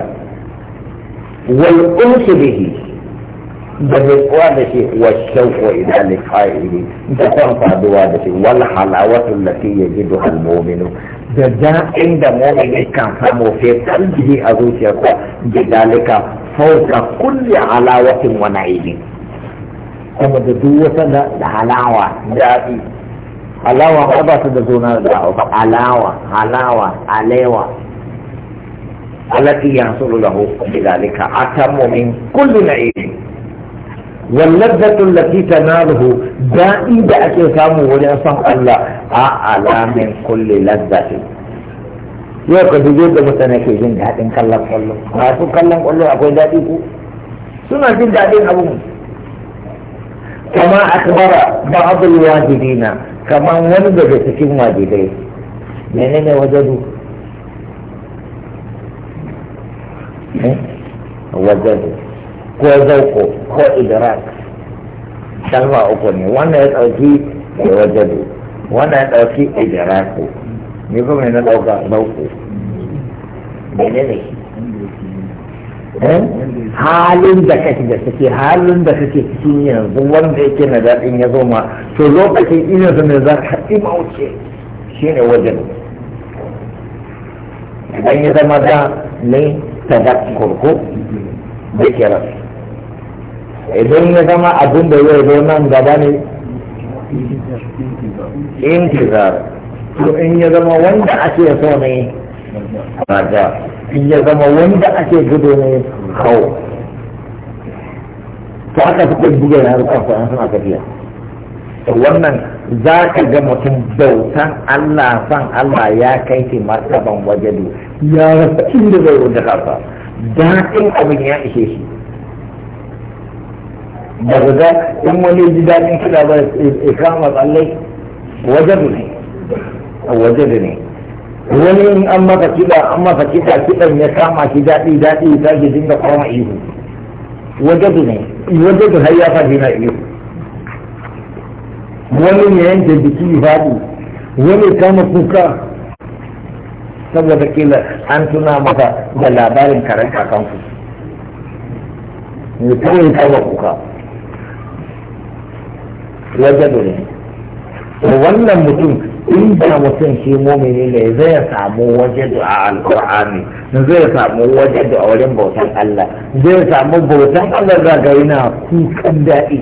wal unsu bihi da rikuwa da shi wa shauƙo ila liqa'ihi da kan faduwa da shi wal halawatu allati yajidu al mu'minu da daɗin da mu'mini kan samu fi qalbihi a zuciyarsa bi dalika fawqa kulli halawatin wani na'imin kuma da duk wata da halawa daɗi alawa ba ba su da suna da hausa alawa alawa alewa alati yansuru lahu bidalika atamu min kulli na'im walladzatu allati tanaluhu da'i da ake samu wurin san Allah a alamin kulli ladzati yau ka duje da mutane ke jin daɗin kallon kwallo masu kallon kwallo akwai daɗi ku suna jin daɗin abu kama akbara ba'd al-wajibina kamar wani daga cikin wajibai menene wajadu eh? wajadu ko zauko ko idrak kalma uku ne wannan ya ɗauki da wajadu wannan ya ɗauki idraku ni kuma ne na ɗauka zauko menene Eh? halin da kake da suke halin da kake cikin yanzu wanda yake na daɗin ya zoma to lokacin ina ne za ka imauce shi ne wajen idan ya zama da ne ta da kurku da kira idan ya zama abin da zai zo nan gaba ne intizar to in ya zama wanda ake so ne raja in ya zama wanda ake gudu ne hau to aka fi kai ya har kansu an suna tafiya to wannan za ka ga mutum bautan Allah san Allah ya kai shi martaban wajadu ya rasa inda zai wuce kafa. daɗin abin ya ishe shi ba ga in wani ji daɗin kiɗa ba kama tsalle wajadu ne wajadu ne wani in an masa kiɗa an masa kiɗa kiɗan ya kama shi daɗi daɗi ya sake dinga kama ihu wajadu ne wajadu har ya sake na ihu wani ne yanke jiki faɗi wani kama kuka saboda kila an tuna masa da labarin karen kakanku ne kawai kama kuka wajadu ne wannan mutum inda mutum shi mumini ne zai samu waje a alkur'ani zai samu waje a wurin bautan Allah zai samu bautan Allah zaga yana kukan daɗi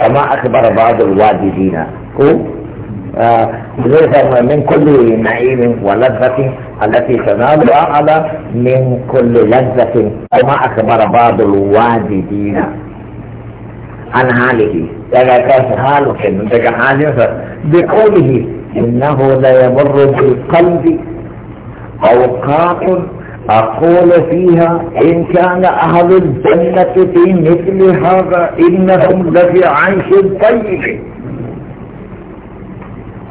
amma aka bar ba'adul wajibina ko zai samu min kulli na'imin wa lazzatin allati tanalu ala min kulli lazzatin amma aka bar ba'adul wajibina عن حاله تجاكاس حاله من تجا حاله بقوله إنه لا يمر بالقلب أوقات أقول فيها إن كان أهل الجنة في مثل هذا إنهم لفي عيش طيب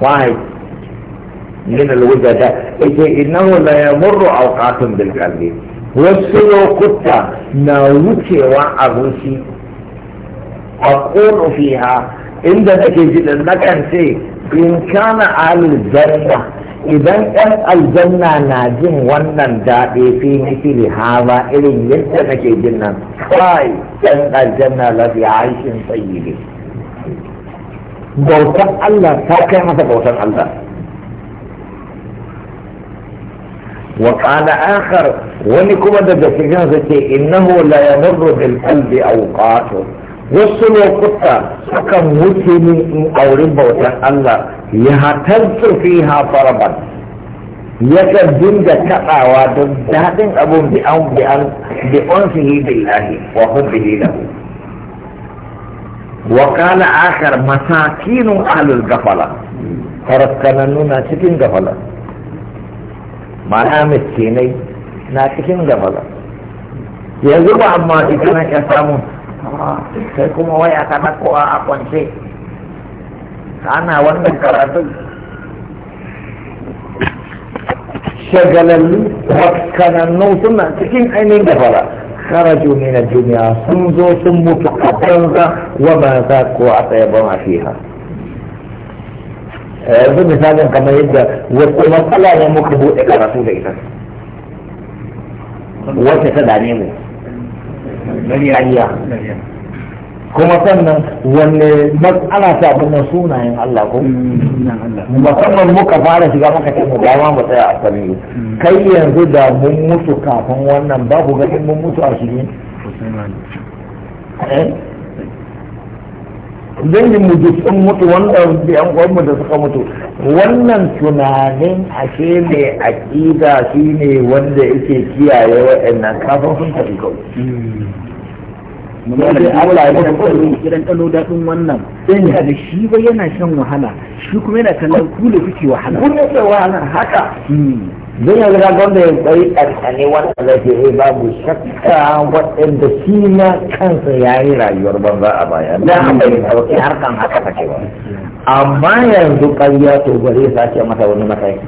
واحد من الوجه إنه لا يمر أوقات بالقلب وصلوا قطة ناوتي وعروسي وقول فيها عند تجد المكان سي إن كان على الجنة إذا كان الجنة ناجم ونن دائي في مثل هذا إلي يتنك جنة خاي كان الجنة الذي عايش سيده طيب. بوطن الله فكما بوطن الله وقال آخر ونكما دجسكنا ستي إنه لا يمر بالقلب أوقاته wasu lokuta sukan wuce ni in aure bautan Allah ya hatar sufi ha faraban ya yakan dinga taɓawa don daɗin abun bi an bi an bi an fihi billahi wa hubbi lahu wa kana akhar masakinu ahlul gafala farakkanan nuna cikin gafala ma'ana miskinai na cikin gafala yanzu ba amma ita na ya samu sai kuma waya ta kowa a kwance ana wannan karatu shagalallu makkanannu suna cikin ainihin gafara kharaju min ad-dunya sun zo sun mutu a banza wa ma za ku a tsaye ba ma fiha eh, yanzu misalin kamar yadda wasu matsala ne muka buɗe karatu da ita wacce ta dame mu kuma sannan wanne matsala ta na sunayen Allah ko musamman muka fara shiga muka ce mu dama mu tsaya a yi kai yanzu da mun mutu kafin wannan ba ku ganin mun mutu a shirin dangin mu duk sun mutu wanda yan uwan mu da suka mutu wannan tunanin ashe mai aƙida shi ne wanda yake kiyaye wa'annan kafin sun tafi wannan da shi ba yana shan wahala shi kuma yana kallon ku da kuke wahala kule ne wahala haka don yanzu ka gwamna ya tsayi ɗanɗane wanda zai ce babu shakka waɗanda shi ma kansa ya yi rayuwar banza a baya na haɗari a wasu harkan haka take ba amma yanzu ƙarya to ba zai sace masa wani matsayi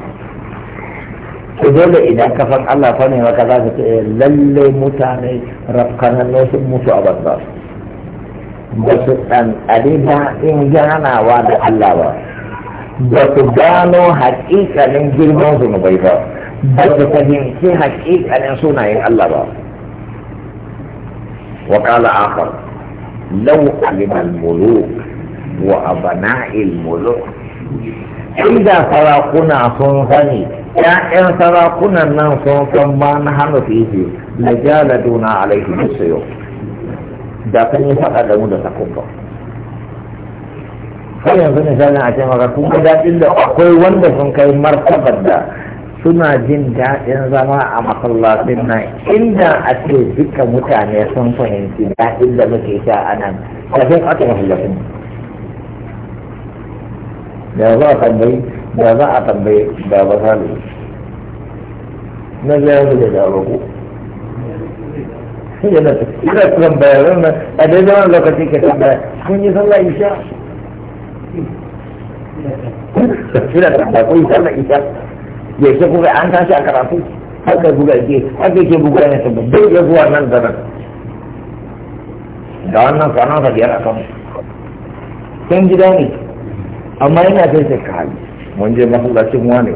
to dole idan ka san Allah fa ne maka za ka ce lalle mutane rafkanan sun mutu a banza ba su ɗanɗane ba in ganawa da Allah ba ba su gano haƙiƙanin girman zunubai ba ba fahimci hakikanin sunayen Allah ba wa kala akhar law alima muluk wa abana'il muluk inda sarakuna sun sani 'ya'yan sarakunan nan sun san ma na hannu fiye la jaladuna alaihi bisayo da kan yi faɗa da mu da takumba har yanzu misalin a ce maka kuma daɗin da akwai wanda sun kai martabar da suna jin daɗin zama a masallacin nan inda a ce dukkan mutane sun fahimci daɗin da muke sha a nan kafin aka masallacin da za a tambayi da za a tambayi da ba za na zai da da jarogo yana ina turan bayanan nan a dai zaman lokaci ke tambaya kun yi sallah isha kuna tambaya kun yi sallah isha yaushe kuka an tashi a karatu har ka buga ke har ka ke buga ne saboda duk ya zuwa nan da nan da wannan kwanan ka biyar a kan can gida ne amma yana kai sai ka hali mun je masallacin wani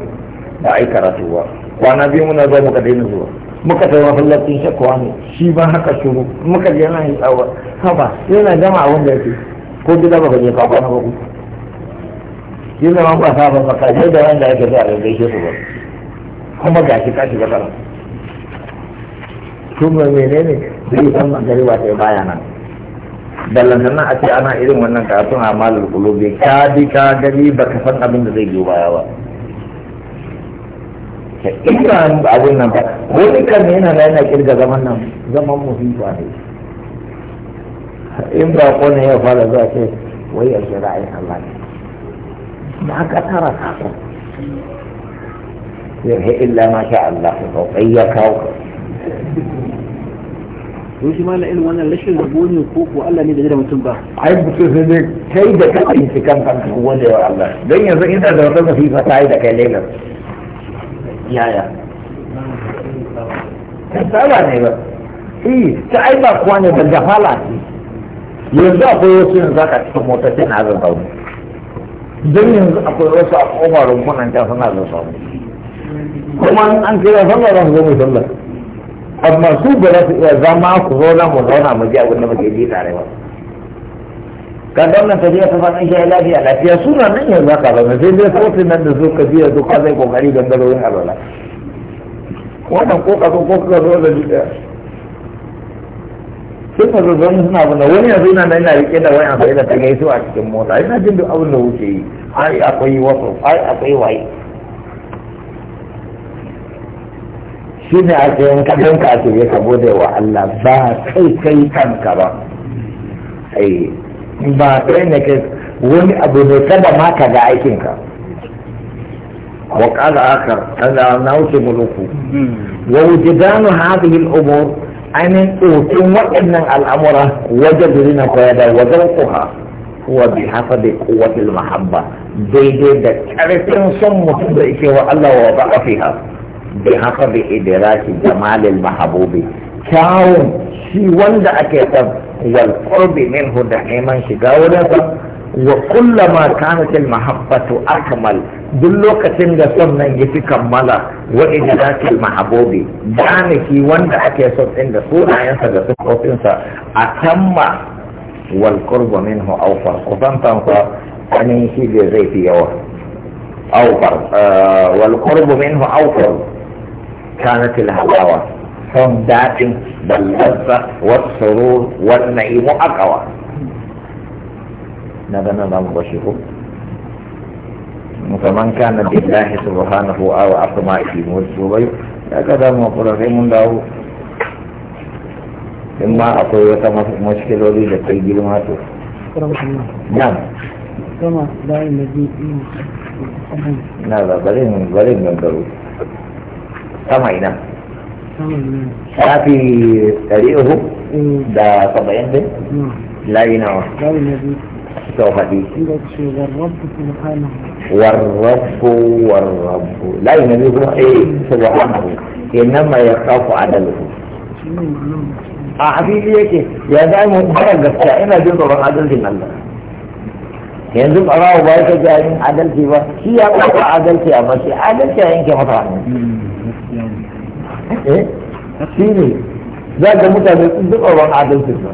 ba a yi karatu ba kwana biyu muna zuwa muka daina zuwa muka tafi masallacin shakwa ne shi ba haka shuru muka je yana yi tsawa haba yana gama abin da yake ko gida ba ka je ka kwana ba ku yi zama ba sa ba ka je da wanda yake zuwa da gaishe su ba kuma ga shi ka shiga tsara kuma menene zai san ba sai baya nan dallantana a ce ana irin wannan karatun a malar kulobe ka bi ka gani ba ka san abin da zai biyo baya ba ina abin nan ba ko dukkan yana na yana kirga zaman nan zaman ba ne in ba ko ne ya fara za ce wai a shira'in Allah ne ba ka tara sakon يرهي إلا ما شاء الله أي كوكب وش ما لقل وانا ليش يضربوني وكوك وقال لي بغير من تنبع عيب تفيدك كيدا كأي سكان فانت قوان يا الله بين يزاك انت دردنا في فتايدة كالليلة يا يا تسألة نيبا ايه تعيب اخواني بالجفالة يرجع قوصين زاكا تموتتين هذا الضوء زين اقول رسا عمر ومكون انت هنا الضوء kuma an kira sallah za su zo mai sallah amma su ba za su iya zama ku zo na mu zauna mu ji abin da muke ji tare ba ka daunan tafiya ta fatan shi lafiya lafiya suna nan yanzu haka ba sai dai sautin nan da zo ka biya duk zai kokari gangarorin alwala wannan ko ka zo ko ka zo da duka sun ka zazzabi suna abin da wani yanzu yana nan yana rike da wayan sai da ta gaisu a cikin mota ina jin duk abin da wuce yi ai akwai wasu ai akwai waye shi ne a cikin kaɗan ka ce ya kabo da wa Allah ba kai kai kanka ba ai ba kai ne kai wani abu ne kada ma ka ga aikinka وقال آخر هذا نوت ملوكه ووجدان هذه الأمور أن أوتم وإن الأمر وجد لنا قيادة وذوقها هو بحسب قوة المحبة دي دي دي كارثين صمت بإشي والله وضع فيها bi haka bi idraki jamalil mahabubi kyawun shi wanda ake san wal qurbi minhu da neman shiga wurinsa wa kullama kanat al mahabbatu akmal duk lokacin da son nan yafi kammala wa idraki al mahabubi shi wanda ake son din da sunayensa da sifofinsa atamma wal qurbu minhu awfar kusantan fa anin shi da zai fi yawa awfar eh, wal qurbu minhu awfar كانت هم داكن باللذة والسرور والنعيم أقوى نظام ننبشه فمن كان بالله سبحانه أو أطمائه والسبيل هكذا لقد قرأت من له إما أقول لك مشكلة لي لكي جلماته نعم كما لا الذي نعم بلين بلين من ضروري sama ina shafi ɗari uku hmm. da saba'in din hmm. layi nawa sau faɗi warrabu warrabu layi na biyu kuma eh hmm. subhanahu innama ya kafu adaluhu a fili yake ya za mu fara gaskiya ina jin tsoron adalcin Allah yanzu ɓarawa ba ya ta jayin adalci ba shi ya ɓata adalci amma shi adalci ya yanke masa hannu Eh? shi ne za ga mutane sun duk tsoron adalci ba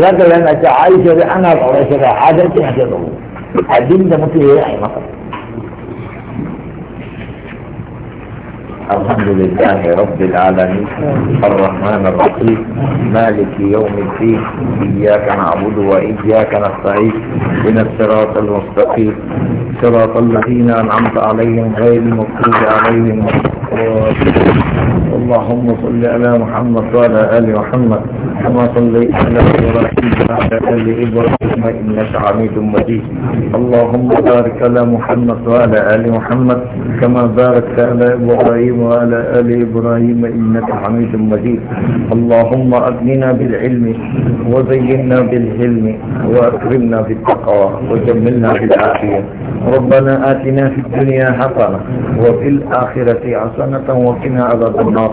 za ga yana ce a yi shari'a ana tsoron shari'a adalci na ce tsoro abinda mutum ya yi a yi maka الحمد لله رب العالمين الرحمن الرحيم مالك يوم الدين إياك نعبد وإياك نستعين من الصراط المستقيم صراط الذين أنعمت عليهم غير المغضوب عليهم اللهم صل على محمد وعلى آل محمد كما صليت على إبراهيم وعلى آل إبراهيم إنك حميد مجيد اللهم بارك على محمد وعلى آل محمد كما باركت على إبراهيم وعلى آل إبراهيم إنك حميد مجيد اللهم أبننا بالعلم وزينا بالحلم وأكرمنا بالتقوى وجملنا بالعافية ربنا آتنا في الدنيا حسنة وفي الآخرة حسنة وقنا عذاب النار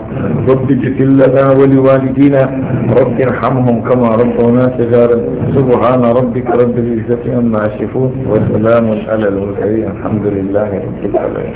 رب اجعل لنا ولوالدينا رب ارحمهم كما ربونا صغارا سبحان ربك رب العزة عما يصفون وسلام على المرسلين الحمد لله رب العالمين